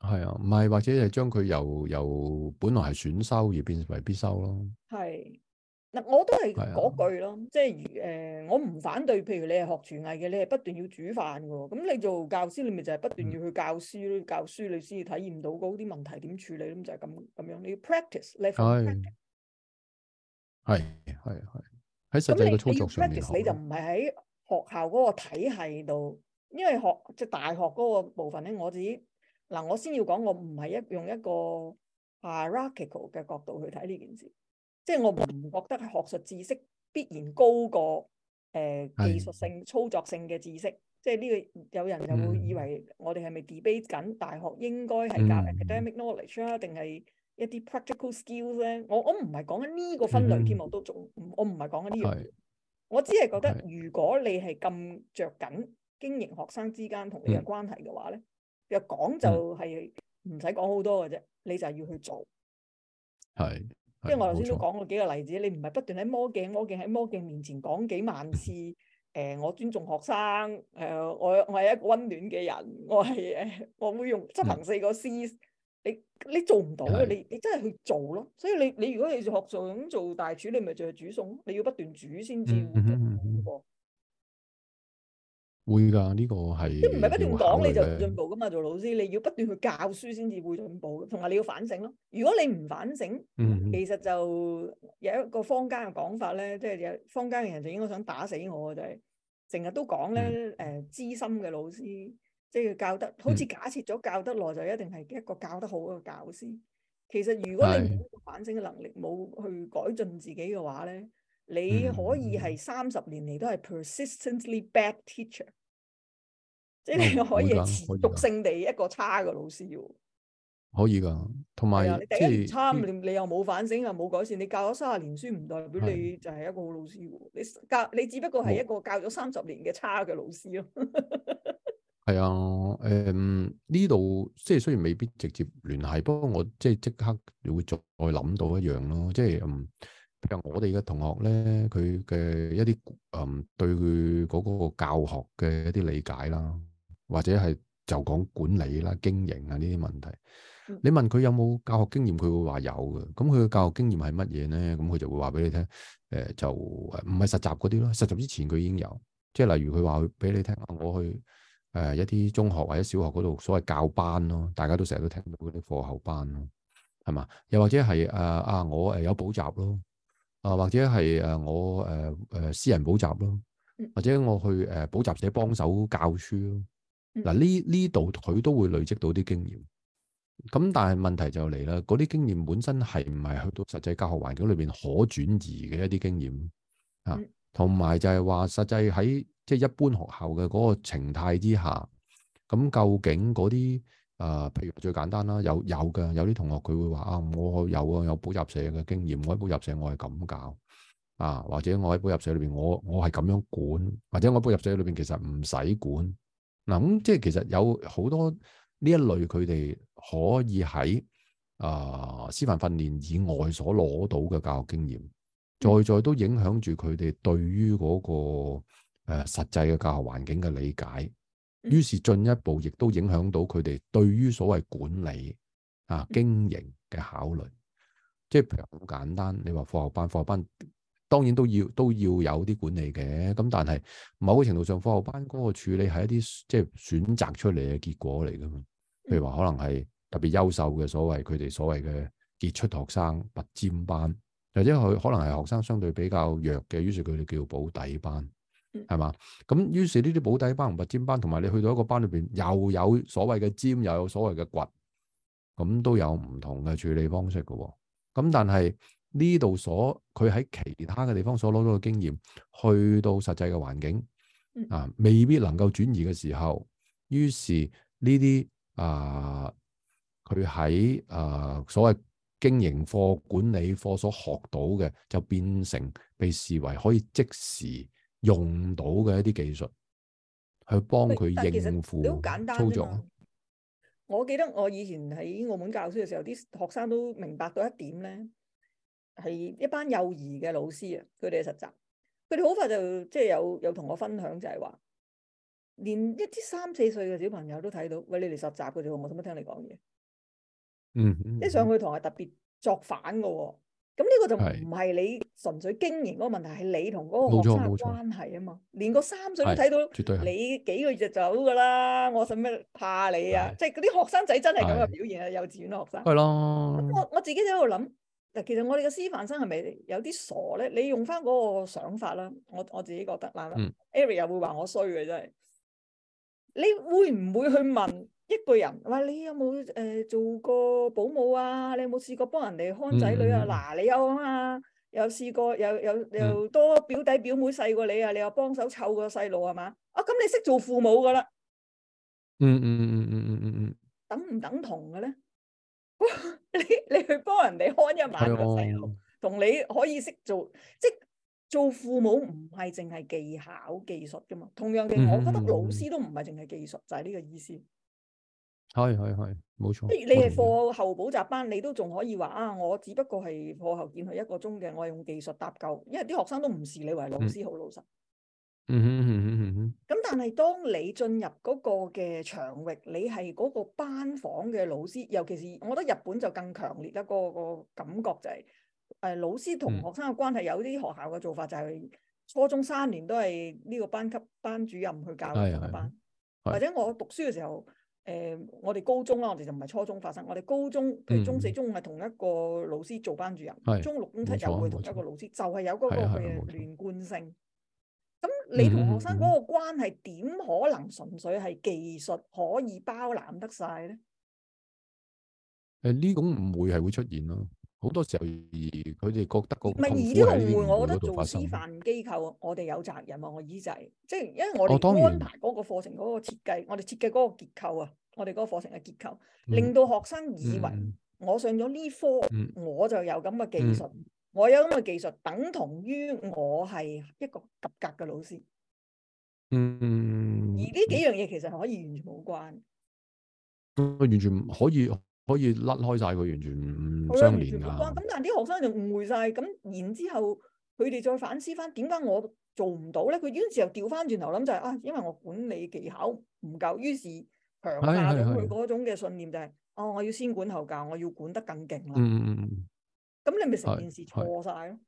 係啊，唔係或者係將佢由由本來係選修而變成為必修咯。係嗱，我都係嗰句咯，啊、即係誒、呃，我唔反對。譬如你係學廚藝嘅，你係不斷要煮飯嘅，咁你做教師，你咪就係不斷要去教書，嗯、教書你先至體驗到嗰啲問題點處理，咁就係咁咁樣。你要 practice level 係係係喺實際嘅操作上 practice 你就唔係喺學校嗰個體系度，因為學即係、就是、大學嗰個部分咧，我自己。嗱，我先要講，我唔係一用一個 hierarchical 嘅角度去睇呢件事，即係我唔覺得係學術知識必然高過誒、呃、技術性操作性嘅知識。是即係呢、呢個有人就會以為我哋係咪 debate 緊大學應該係教 academic knowledge 啊，定係、嗯、一啲 practical skills 咧？我我唔係講緊呢個分類，兼、嗯、我都仲。我唔係講緊呢樣。是我只係覺得，如果你係咁着緊經營學生之間同你嘅關係嘅話咧。嗯嗯又講就係唔使講好多嘅啫，你就係要去做。係，即係我頭先都講過幾個例子，你唔係不斷喺魔鏡魔鏡喺魔鏡面前講幾萬次，誒我尊重學生，誒我我係一個温暖嘅人，我係誒我會用執行四個 C，你你做唔到嘅，你你真係去做咯。所以你你如果你學做咁做大廚，你咪就係煮餸，你要不斷煮先至會。會噶呢、呢個係，即唔係不斷講你就唔進步噶嘛？做老師你要不斷去教書先至會進步，同埋你要反省咯。如果你唔反省，嗯，其實就有一個坊間嘅講法咧，即係有坊間嘅人就應該想打死我就係成日都講咧，誒、嗯呃，資深嘅老師即係教得好似假設咗教得耐就一定係一個教得好嘅教師。其實如果你冇反省嘅能力，冇、嗯、去改進自己嘅話咧。你可以係三十年嚟都係 persistently bad teacher，即係你可以持續性地一個差嘅老師喎。可以㗎，同埋即係差，你，就是，你又冇反省又冇改善，你教咗三十年書唔代表你就係一個好老師喎。你教的你只不過係一個教咗三十年嘅差嘅老師咯。係啊我，誒， [laughs] 呢度即係雖然未必直接聯繫，不過我即係即刻你會再諗到一樣咯，即係嗯。譬如我哋嘅同學咧，佢嘅一啲誒、嗯，對佢嗰個教學嘅一啲理解啦，或者係就講管理啦、經營啊呢啲問題。你問佢有冇教學經驗，佢會話有嘅。咁佢嘅教學經驗係乜嘢咧？咁佢就會話俾你聽。誒、呃，就唔係實習嗰啲咯。實習之前佢已經有，即係例如佢話佢俾你聽，我去誒、呃、一啲中學或者小學嗰度所謂教班咯，大家都成日都聽到嗰啲課後班咯，係嘛？又或者係誒、呃、啊，我誒、呃、有補習咯。啊，或者係誒我誒誒私人補習咯，或者我去誒補習社幫手教書咯。嗱，呢呢度佢都會累積到啲經驗，咁但係問題就嚟啦，嗰啲經驗本身係唔係去到實際教學環境裏邊可轉移嘅一啲經驗啊？同埋就係話實際喺即係一般學校嘅嗰個情態之下，咁究竟嗰啲啊、呃，譬如最簡單啦，有有嘅，有啲同學佢會話啊，我有啊，有補習社嘅經驗，我喺補習社我係咁教啊，或者我喺補習社裏邊，我我係咁樣管，或者我喺補習社裏邊其實唔使管。嗱、啊，咁、嗯、即係其實有好多呢一類佢哋可以喺啊師範訓練以外所攞到嘅教學經驗，在在都影響住佢哋對於嗰、那個誒、呃、實際嘅教學環境嘅理解。於是進一步，亦都影響到佢哋對於所謂管理啊經營嘅考慮。即係譬如好簡單，你話課後班、課後班當然都要都要有啲管理嘅。咁但係某個程度上，課後班嗰個處理係一啲即係選擇出嚟嘅結果嚟噶嘛。譬如話，可能係特別優秀嘅所謂佢哋所謂嘅傑出學生拔尖班，或者佢可能係學生相對比較弱嘅，於是佢哋叫保底班。係嘛？咁於是呢啲保底班同拔、拔尖班，同埋你去到一個班裏邊，又有所謂嘅尖，又有所謂嘅掘，咁都有唔同嘅處理方式嘅、哦。咁但係呢度所佢喺其他嘅地方所攞到嘅經驗，去到實際嘅環境啊，未必能夠轉移嘅時候，於是呢啲啊，佢喺啊所謂經營課、管理課所學到嘅，就變成被視為可以即時。用到嘅一啲技術，去幫佢應付好簡單操作。我記得我以前喺澳門教書嘅時候，啲學生都明白到一點咧，係一班幼兒嘅老師啊，佢哋嘅實習，佢哋好快就即係、就是、有有同我分享，就係話，連一啲三四歲嘅小朋友都睇到，喂你嚟實習嘅，我使乜聽你講嘢、嗯？嗯，一上去同學特別作反噶、哦。咁呢個就唔係你純粹經營嗰個問題，係是你同嗰個學生關係啊嘛，錯連個三歲都睇到，絕對你幾個月就走噶啦，我使咩怕你啊？即係嗰啲學生仔真係咁嘅表現啊，是幼稚園學生係咯，的我我自己喺度諗，嗱，其實我哋嘅師範生係咪有啲傻咧？你用翻嗰個想法啦，我我自己覺得啦 Aria 又會話我衰嘅真係，你會唔會去問？一個人話：你有冇誒、呃、做過保姆啊？你有冇試過幫人哋看仔女啊？嗱、嗯啊，你有啊嘛？有試過？有有有多表弟表妹細過你啊？你又幫手湊個細路係嘛？啊咁、啊嗯嗯嗯嗯嗯，你識做父母㗎啦？嗯嗯嗯嗯嗯嗯嗯。等唔等同嘅咧？你你去幫人哋看一晚個細路，同、嗯、你可以識做、嗯、即係做父母唔係淨係技巧技術㗎嘛？同樣嘅，嗯、我覺得老師都唔係淨係技術，就係、是、呢個意思。係，係，係， [noise] 冇錯。如你係課後補習班，你都仲可以話啊！我只不過係課後見佢一個鐘嘅，我用技術搭救，因為啲學生都唔視你為老師，好、嗯、老實。嗯哼嗯哼嗯嗯嗯。咁但係當你進入嗰個嘅場域，你係嗰個班房嘅老師，尤其是我覺得日本就更強烈啦，嗰個、嗰個感覺就係、是、誒、呃，老師同學生嘅關係，嗯、有啲學校嘅做法就係初中三年都係呢個班級班主任去教全班，哎哎、或者我讀書嘅時候。誒、嗯，我哋高中啦，我哋就唔係初中發生。我哋高中，譬如中四、中五係同一個老師做班主任，嗯、中六、中七又會同一個老師，錯就係有嗰個嘅連貫性。咁你同學生嗰個關係點、嗯、可能純粹係技術可以包攬得晒咧？誒，呢種誤會係會出現咯。好多時候，而佢哋覺得嗰個唔係，而啲同學，我覺得做師範機構，我哋有責任啊！我而就係，即係因為我哋安排嗰個課程、嗰個設計，我哋設計嗰個結構啊，我哋嗰個課程嘅結構，令到、嗯、學生以為我上咗呢科，嗯、我就有咁嘅技術，嗯、我有咁嘅技術，等同於我係一個及格嘅老師。嗯。嗯嗯，而呢幾樣嘢其實係可以完全冇關。佢完全唔可以。可以甩開晒，佢完全唔相連噶。咁但係啲學生就誤會晒，咁然之後佢哋再反思翻，點解我做唔到咧？佢於是又調翻轉頭諗就係、是、啊，因為我管理技巧唔夠，於是強化咗佢嗰種嘅信念、就是，就係、哎哎哎、哦，我要先管後教，我要管得更勁啦。嗯，嗯嗯。咁你咪成件事錯晒咯。哎哎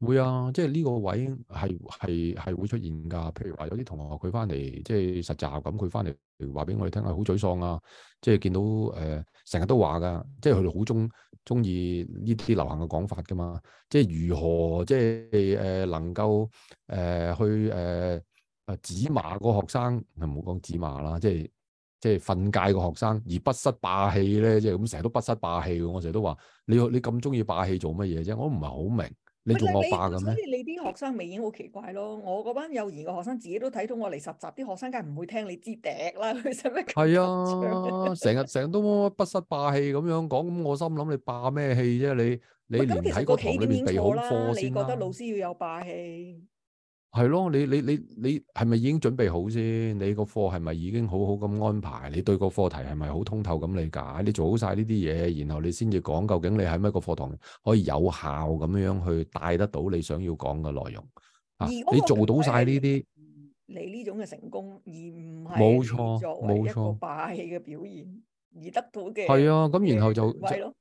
會啊，即係呢個位係係係會出現噶。譬如話有啲同學佢翻嚟即係實習，咁佢翻嚟話俾我哋聽係好沮喪啊。即係見到誒成日都話噶，即係佢哋好中中意呢啲流行嘅講法噶嘛。即係如何即係誒、呃、能夠誒、呃、去誒誒指罵個學生，唔好講指罵啦。即係即係訓誡個學生而不失霸氣咧。即係咁成日都不失霸氣。我成日都話你你咁中意霸氣做乜嘢啫？我唔係好明。你做惡霸咁咩？所以你啲學生咪已經好奇怪咯。我嗰班幼兒嘅學生自己都睇到我嚟實習，啲學生梗係唔會聽你支笛啦。係啊，成日成日都不失霸氣咁樣講，我心諗你霸咩氣啫？你你連喺個堂裏面備好課先，你覺得老師要有霸氣？係咯，你你你你係咪已經準備好先？你個課係咪已經好好咁安排？你對個課題係咪好通透咁理解？你做好晒呢啲嘢，然後你先至講究竟你喺乜個課堂可以有效咁樣樣去帶得到你想要講嘅內容啊？那你做到晒呢啲，你呢種嘅成功而唔係冇錯，冇錯霸氣嘅表現而得到嘅係啊。咁然後就係咯，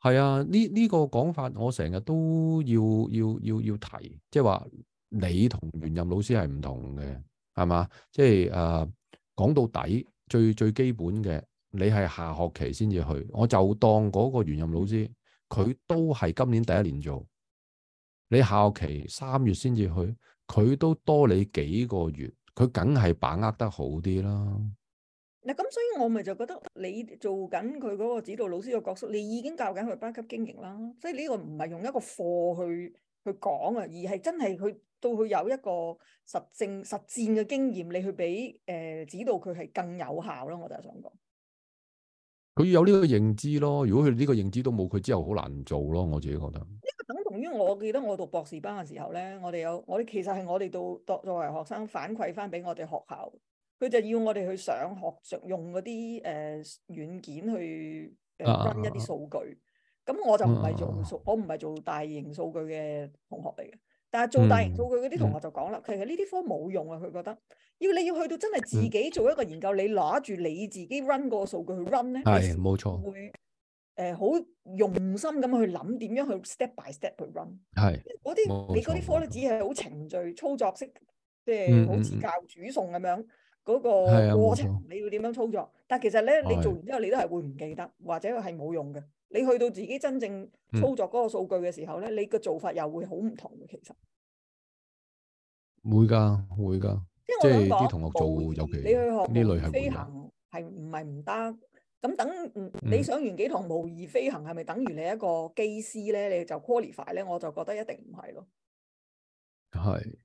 係啊、呃，呢呢就、這個講法我成日都要要要要，要提，即係話。你同原任老師係唔同嘅，係嘛？即係誒、啊，講到底最最基本嘅，你係下學期先至去，我就當嗰個原任老師，佢都係今年第一年做。你下學期三月先至去，佢都多你幾個月，佢梗係把握得好啲啦。嗱，咁所以我咪就覺得你做緊佢嗰個指導老師嘅角色，你已經教緊佢班級經營啦。所以呢個唔係用一個課去去講啊，而係真係佢。到佢有一個實證、實戰嘅經驗，你去俾誒、呃、指導佢係更有效咯。我就係想講，佢要有呢個認知咯。如果佢呢個認知都冇，佢之後好難做咯。我自己覺得，呢個等同於我記得我讀博士班嘅時候咧，我哋有我哋其實係我哋到作作為學生反饋翻俾我哋學校，佢就要我哋去上學常用嗰啲誒軟件去誒分一啲數據。咁、啊啊啊啊、我就唔係做數，啊啊啊啊我唔係做大型數據嘅同學嚟嘅。但係做大型數據嗰啲同學就講啦，嗯、其實呢啲科冇用啊，佢覺得要你要去到真係自己做一個研究，嗯、你拿住你自己 run 個數據去 run 咧是，係冇錯，會誒好用心咁去諗點樣去 step by step 去 run。係，嗰啲你嗰啲科咧，只係好程序操作式，即係好似教煮餸咁樣嗰、嗯、個過程，錯你要點樣操作？但其實咧，你做完之後你都係會唔記得，或者係冇用嘅。你去到自己真正操作嗰個數據嘅時候咧，嗯、你嘅做法又會好唔同嘅。其實會㗎，會㗎，即係啲同學做尤其你去學，呢類係飛行，係唔係唔得？咁等、嗯嗯、你想完幾堂模擬飛行係咪等於你一個機師咧？你就 qualify 咧？我就覺得一定唔係咯。係。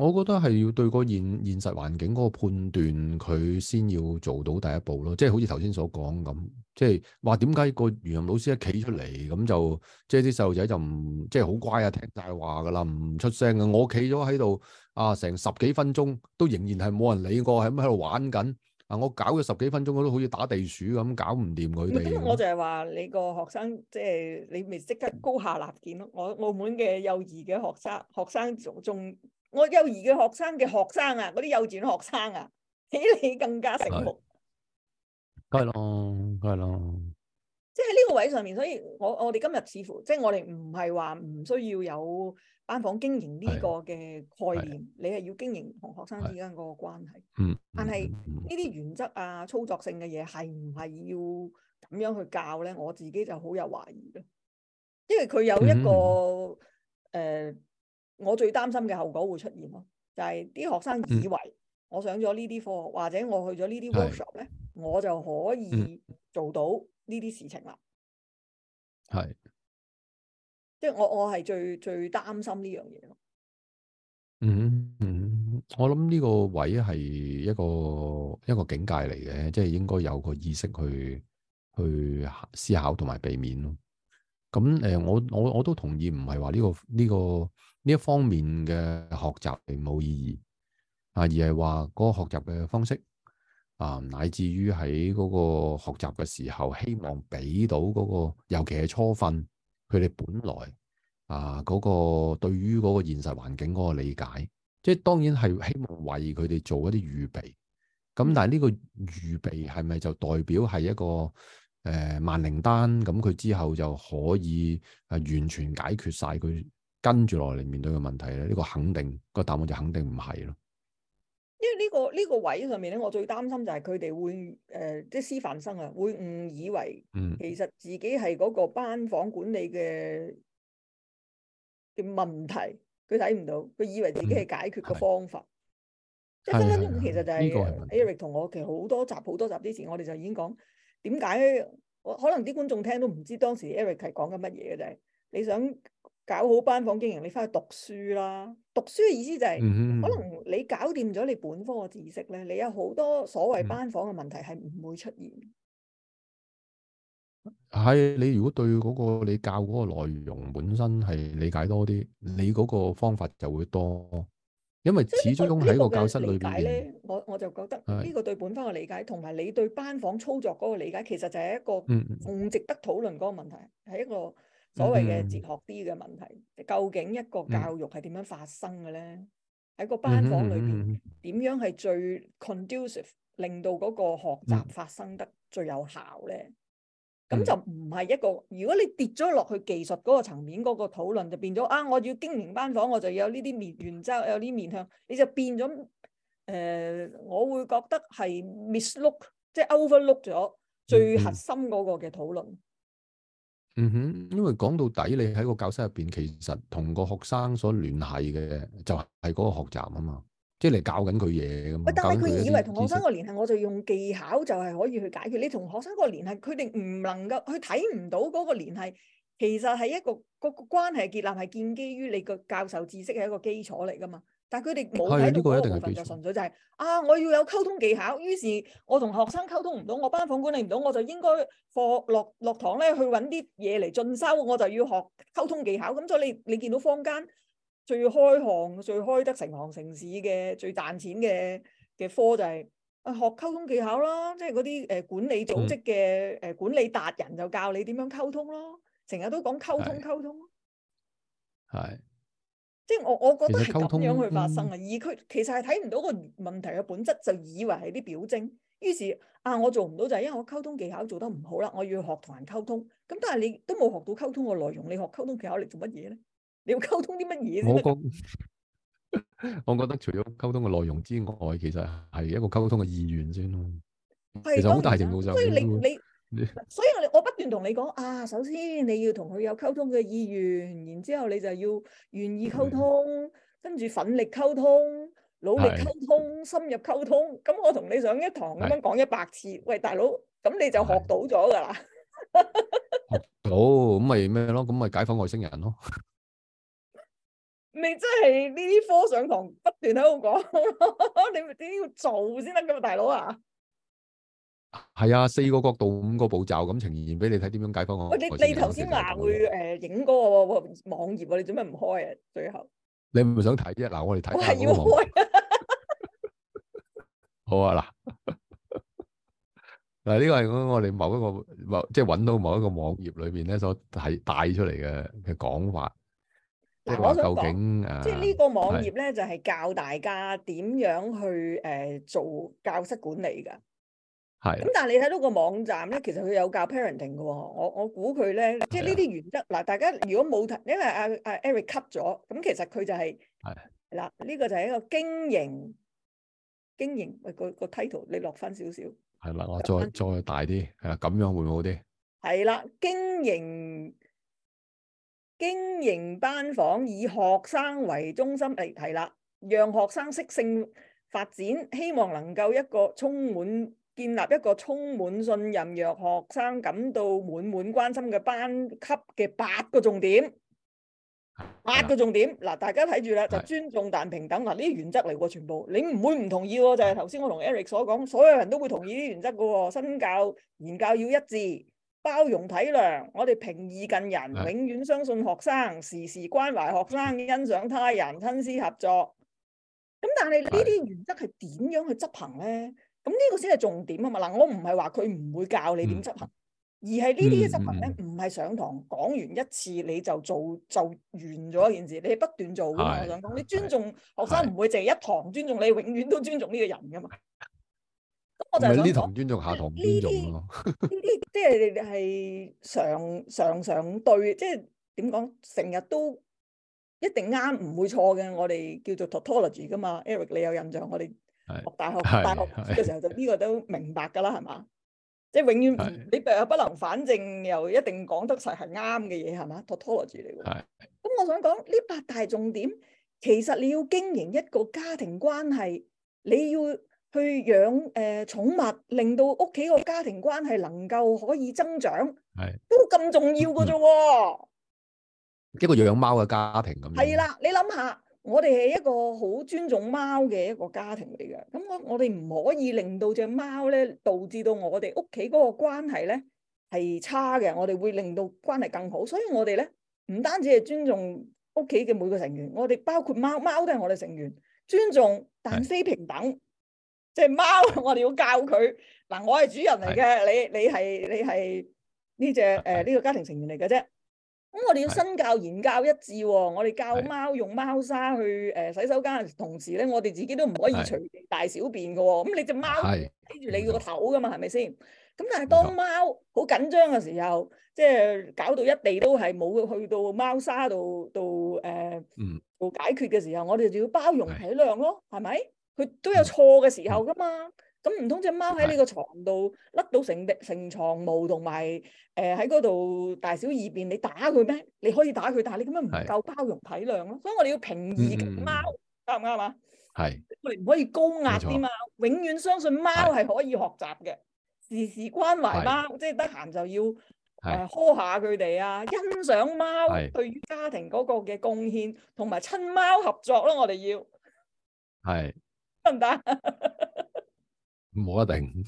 我覺得係要對個現現實環境嗰個判斷，佢先要做到第一步咯。即係好似頭先所講咁，即係話點解個袁任老師一企出嚟咁就，即係啲細路仔就唔即係好乖啊，聽大話㗎啦，唔出聲嘅。我企咗喺度，啊，成十幾分鐘都仍然係冇人理我，係咁喺度玩緊。啊，我搞咗十幾分鐘，我都好似打地鼠咁，搞唔掂佢哋。咁我就係話你個學生，就是、即係你咪即刻高下立見咯。我澳門嘅幼兒嘅學生，學生仲仲。我幼兒嘅學生嘅學生啊，嗰啲幼稚園學生啊，比你更加醒目。係咯，係咯。即係喺呢個位上面，所以我我哋今日似乎即係、就是、我哋唔係話唔需要有班房經營呢個嘅概念，你係要經營同學生之間嗰個關係。嗯。但係呢啲原則啊、操作性嘅嘢係唔係要咁樣去教咧？我自己就好有懷疑咯。因為佢有一個誒。的的我最擔心嘅後果會出現咯，就係、是、啲學生以為我上咗呢啲課，嗯、或者我去咗呢啲 workshop 咧，嗯、我就可以做到呢啲事情啦。係、嗯，即係我我係最最擔心呢樣嘢咯。嗯嗯，我諗呢個位係一個一個境界嚟嘅，即、就、係、是、應該有個意識去去思考同埋避免咯。咁誒、呃，我我我都同意，唔係話呢個呢個，這個呢一方面嘅學習係冇意義啊，而係話嗰個學習嘅方式啊，乃至於喺嗰個學習嘅時候，希望俾到嗰個，尤其係初訓佢哋本來啊嗰個對於嗰個現實環境嗰個理解，即係當然係希望為佢哋做一啲預備。咁但係呢個預備係咪就代表係一個誒、呃、萬靈丹？咁佢之後就可以啊完全解決晒佢？跟住落嚟面對嘅問題咧，呢個肯定個答案就肯定唔係咯。因為呢個呢個位上面咧，我最擔心就係佢哋會誒，即係師範生啊，會誤以為其實自己係嗰個班房管理嘅嘅、嗯、問題，佢睇唔到，佢以為自己係解決嘅方法。即係分分鐘其實就係、是、Eric 同我，其實好多集好多集之前，我哋就已經講點解我可能啲觀眾聽都唔知當時 Eric 係講緊乜嘢嘅啫。就係、你想？搞好班房經營，你翻去讀書啦。讀書嘅意思就係、是，嗯、可能你搞掂咗你本科嘅知識咧，你有好多所謂班房嘅問題係唔會出現。係你如果對嗰、那個你教嗰個內容本身係理解多啲，你嗰個方法就會多。因為始終喺個教室裏邊、這個這個，我我就覺得呢個對本科嘅理解同埋的你對班房操作嗰個理解，其實就係一個唔值得討論嗰個問題，係、嗯、一個。所謂嘅哲學啲嘅問題，究竟一個教育係點樣發生嘅咧？喺個班房裏邊，點樣係最 conducive 令到嗰個學習發生得最有效咧？咁就唔係一個。如果你跌咗落去技術嗰個層面嗰個討論，就變咗啊！我要經營班房，我就要有呢啲面原則，有啲面向，你就變咗誒、呃。我會覺得係 miss look，即係 overlook 咗最核心嗰個嘅討論。嗯哼，因為講到底，你喺個教室入邊，其實同個學生所聯繫嘅就係嗰個學習啊嘛，即係你教緊佢嘢嘅。但係佢以為同學生個聯繫，我就用技巧就係可以去解決。你同學生個聯繫，佢哋唔能夠去睇唔到嗰個聯繫，其實係一個個個關係建立係建基於你個教授知識係一個基礎嚟噶嘛。但係佢哋冇睇到嗰部分，就純粹就係、是、啊，我要有溝通技巧。於是我同學生溝通唔到，我班房管理唔到，我就應該課落課堂咧去揾啲嘢嚟進修，我就要學溝通技巧。咁所以你你見到坊間最開行、最開得成行成市嘅、最賺錢嘅嘅科就係、是、啊，學溝通技巧咯，即係嗰啲誒管理組織嘅誒、呃、管理達人就教你點樣溝通咯，成日、嗯、都講溝通溝通。係。即係我，我覺得係咁樣去發生啊！而佢其實係睇唔到個問題嘅本質，就以為係啲表徵。於是啊，我做唔到就係因為我溝通技巧做得唔好啦。我要學同人溝通，咁但係你都冇學到溝通嘅內容，你學溝通技巧嚟做乜嘢咧？你要溝通啲乜嘢咧？我覺，我覺得除咗溝通嘅內容之外，其實係一個溝通嘅意願先咯。其實好大程度上。所以你你。所以我我不斷同你講啊，首先你要同佢有溝通嘅意願，然之後你就要願意溝通，跟住奮力溝通，努力溝通，深入溝通。咁我同你上一堂咁樣講一百次，喂，大佬，咁你就學到咗噶啦，學到咁咪咩咯？咁咪解放外星人咯？你真係呢啲科上堂不斷喺度講，你咪點要做先得噶嘛，大佬啊？係啊，四個角度，五個步驟，咁呈現俾你睇，點樣解放我。你你頭先話會誒影嗰個網頁，你做咩唔開啊？最後你唔想睇啫，嗱，我哋睇。我係要開。好啊，嗱，嗱呢個係我我哋某一個，即係搵到某一個網頁裏邊咧所提帶出嚟嘅嘅講法。即係話究竟誒，即係呢個網頁咧，就係教大家點樣去誒做教室管理噶。係，咁但係你睇到個網站咧，其實佢有教 parenting 嘅、哦，我我估佢咧，即係呢啲原則嗱，的大家如果冇睇，因為阿、啊、阿、啊啊、Eric cut 咗，咁其實佢就係、是，嗱的，呢、這個就係一個經營經營，喂、啊，個個 title 你落翻少少，係啦，我再再大啲，係啦，咁樣會唔會好啲？係啦，經營經營班房以學生為中心嚟，係啦，讓學生適性發展，希望能夠一個充滿。建立一個充滿信任，讓學生感到滿滿關心嘅班級嘅八個重點，八個重點嗱，大家睇住啦，就尊重但平等嗱，呢啲原則嚟嘅，全部你唔會唔同意嘅，就係頭先我同 Eric 所講，所有人都會同意啲原則嘅，身教言教要一致，包容體諒，我哋平易近人，永遠相信學生，時時關懷學生，欣賞他人，親師合作。咁但係呢啲原則係點樣去執行呢？咁呢個先係重點啊嘛！嗱，我唔係話佢唔會教你點執行，而係呢啲嘅執行咧，唔係上堂講完一次你就做就完咗件事，你係不斷做㗎嘛。我想講，你尊重學生唔會淨係一堂尊重你，永遠都尊重呢個人嘅嘛。咁我就係想呢堂尊重下堂唔尊重咯。呢啲即係你哋係常常常對，即係點講？成日都一定啱，唔會錯嘅。我哋叫做 tautology 嘅嘛，Eric 你有印象？我哋。讀大學、大學嘅時候就呢個都明白噶啦，係嘛？即係永遠你不能反正又一定講得實係啱嘅嘢，係嘛？托托羅治嚟嘅。咁我想講呢八大重點，其實你要經營一個家庭關係，你要去養誒寵物，令到屋企個家庭關係能夠可以增長，都咁重要嘅啫。一個養貓嘅家庭咁樣。係啦，你諗下。我哋係一個好尊重貓嘅一個家庭嚟嘅，咁我我哋唔可以令到隻貓咧，導致到我哋屋企嗰個關係咧係差嘅。我哋會令到關係更好，所以我哋咧唔單止係尊重屋企嘅每個成員，我哋包括貓貓都係我哋成員，尊重但非平等。隻的貓我哋要教佢嗱，我係主人嚟嘅的，你你係你係呢隻誒呢個家庭成員嚟嘅啫。咁、嗯、我哋要身教言教一致喎、哦，我哋教貓用貓砂去誒、呃、洗手間嘅同時咧我哋自己都唔可以隨地大小便嘅喎、哦。咁、嗯、你隻貓睇住你個頭噶嘛，係咪先？咁的但係當貓好緊張嘅時候，即係搞到一地都係冇去到貓砂度度誒，度、呃、解決嘅時候，我哋就要包容體諒咯，係咪的？佢的都有錯嘅時候噶嘛。咁唔通隻貓喺你個床度甩到成成床毛，同埋誒喺嗰度大小二便，你打佢咩？你可以打佢，但係你咁樣唔夠包容體諒咯。所以我哋要平易貓，啱唔啱啊？係我哋唔可以高壓啲嘛？永遠相信貓係可以學習嘅，時時關懷貓，即係得閒就要呵下佢哋啊，欣賞貓對於家庭嗰個嘅貢獻，同埋親貓合作咯。我哋要係得唔得？冇一定，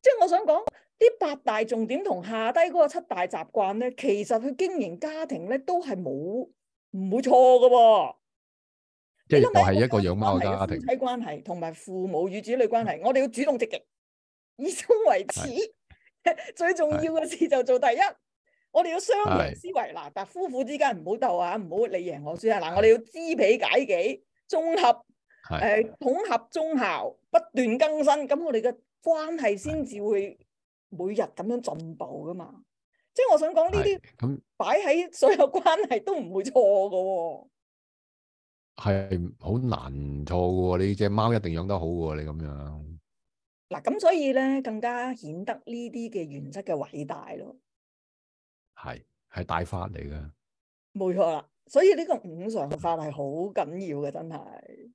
即係我想講啲八大重點同下低嗰個七大習慣咧，其實佢經營家庭咧都係冇唔會錯噶。即係我係一個養貓嘅家庭，夫妻關係同埋父母與子女關係，我哋要主動積極，以終為始，最重要嘅事就做第一。我哋要雙贏思維嗱，但夫婦之間唔好鬥啊，唔好你贏我輸啊。嗱，我哋要知彼解己，綜合誒統合綜效，不斷更新，咁我哋嘅關係先至會每日咁樣進步噶嘛？即係我想講呢啲咁擺喺所有關係都唔會錯噶喎，係好難錯噶，你隻貓一定養得好噶，你咁樣。嗱，咁所以咧，更加顯得呢啲嘅原則嘅偉大咯。係係大法嚟噶，冇錯啦。所以呢個五常法係好緊要嘅，真係。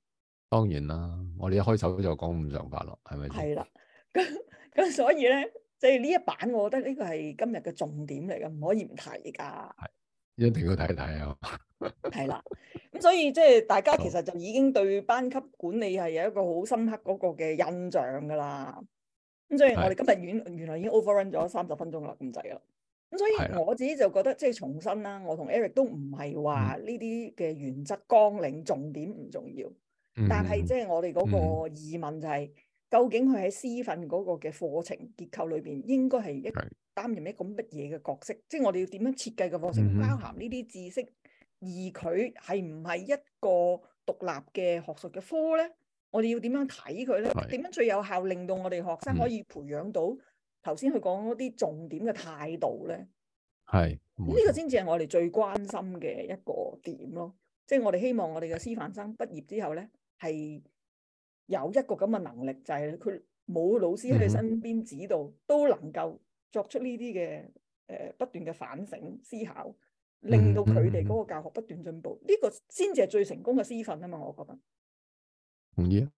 當然啦，我哋一開手就講五常法咯，係咪？係啦，咁咁所以咧，即係呢一版，我覺得呢個係今日嘅重點嚟，咁唔可以唔提噶，係一定要睇睇啊！係 [laughs] 啦，咁所以即係大家其實就已經對班級管理係有一個好深刻嗰個嘅印象噶啦。咁所以我哋今日原原來已經 overrun 咗三十分鐘啦，咁滯啦。咁所以我自己就覺得，即係重申啦，我同 Eric 都唔係話呢啲嘅原則綱領重點唔重要。但係即係我哋嗰個疑問就係、是，嗯、究竟佢喺師訓嗰個嘅課程結構裏邊，應該係一是擔任一個乜嘢嘅角色？即係我哋要點樣設計嘅課程，包含呢啲知識，嗯、而佢係唔係一個獨立嘅學術嘅科咧？我哋要點樣睇佢咧？點樣最有效令到我哋學生可以培養到頭先佢講嗰啲重點嘅態度咧？係，呢 [noise] 是個先至係我哋最關心嘅一個點咯。即係我哋希望我哋嘅師範生畢業之後咧。係有一個咁嘅能力，就係佢冇老師喺佢身邊指導，mm hmm. 都能夠作出呢啲嘅誒不斷嘅反省思考，令到佢哋嗰個教學不斷進步。呢、mm hmm. 個先至係最成功嘅師訓啊嘛，我覺得。同意啊，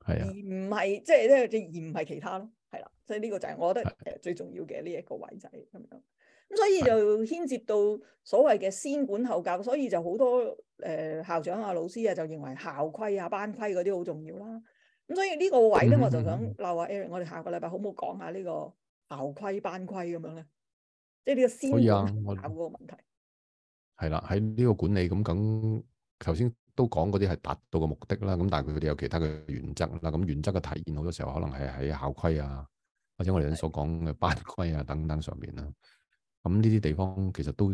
係啊、即係，而唔係即係即係而唔係其他咯，係啦、啊，所以呢個就係我覺得誒、啊呃、最重要嘅呢一個位仔咁樣。咁所以就牽涉到所謂嘅先管後教，所以就好多誒校長啊、老師啊，就認為校規啊、班規嗰啲好重要啦。咁所以呢個位咧，我就想鬧下 Eric、嗯、我哋下個禮拜好唔好講下呢個校規班規咁樣咧，即係呢個先管後教嗰個問題係啦。喺呢、啊、個管理咁咁頭先都講嗰啲係達到個目的啦。咁但係佢哋有其他嘅原則啦。咁原則嘅體現好多時候可能係喺校規啊，或者我哋所講嘅班規啊等等上邊啦。咁呢啲地方其實都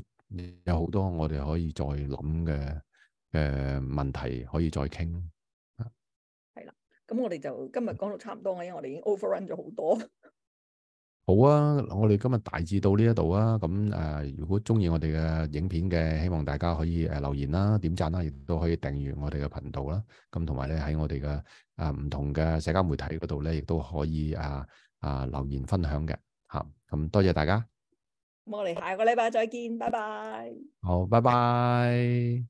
有好多我哋可以再諗嘅誒問題，可以再傾。係啦，咁我哋就今日講到差唔多啦，因為我哋已經 overrun 咗好多。好啊，我哋今日大致到呢一度啊。咁誒、呃，如果中意我哋嘅影片嘅，希望大家可以誒留言啦、點讚啦，亦都可以訂閱我哋嘅頻道啦。咁、呃、同埋咧喺我哋嘅啊唔同嘅社交媒體嗰度咧，亦都可以啊啊、呃呃、留言分享嘅嚇。咁、啊、多謝大家。我哋下個禮拜再見，拜拜。好，拜拜。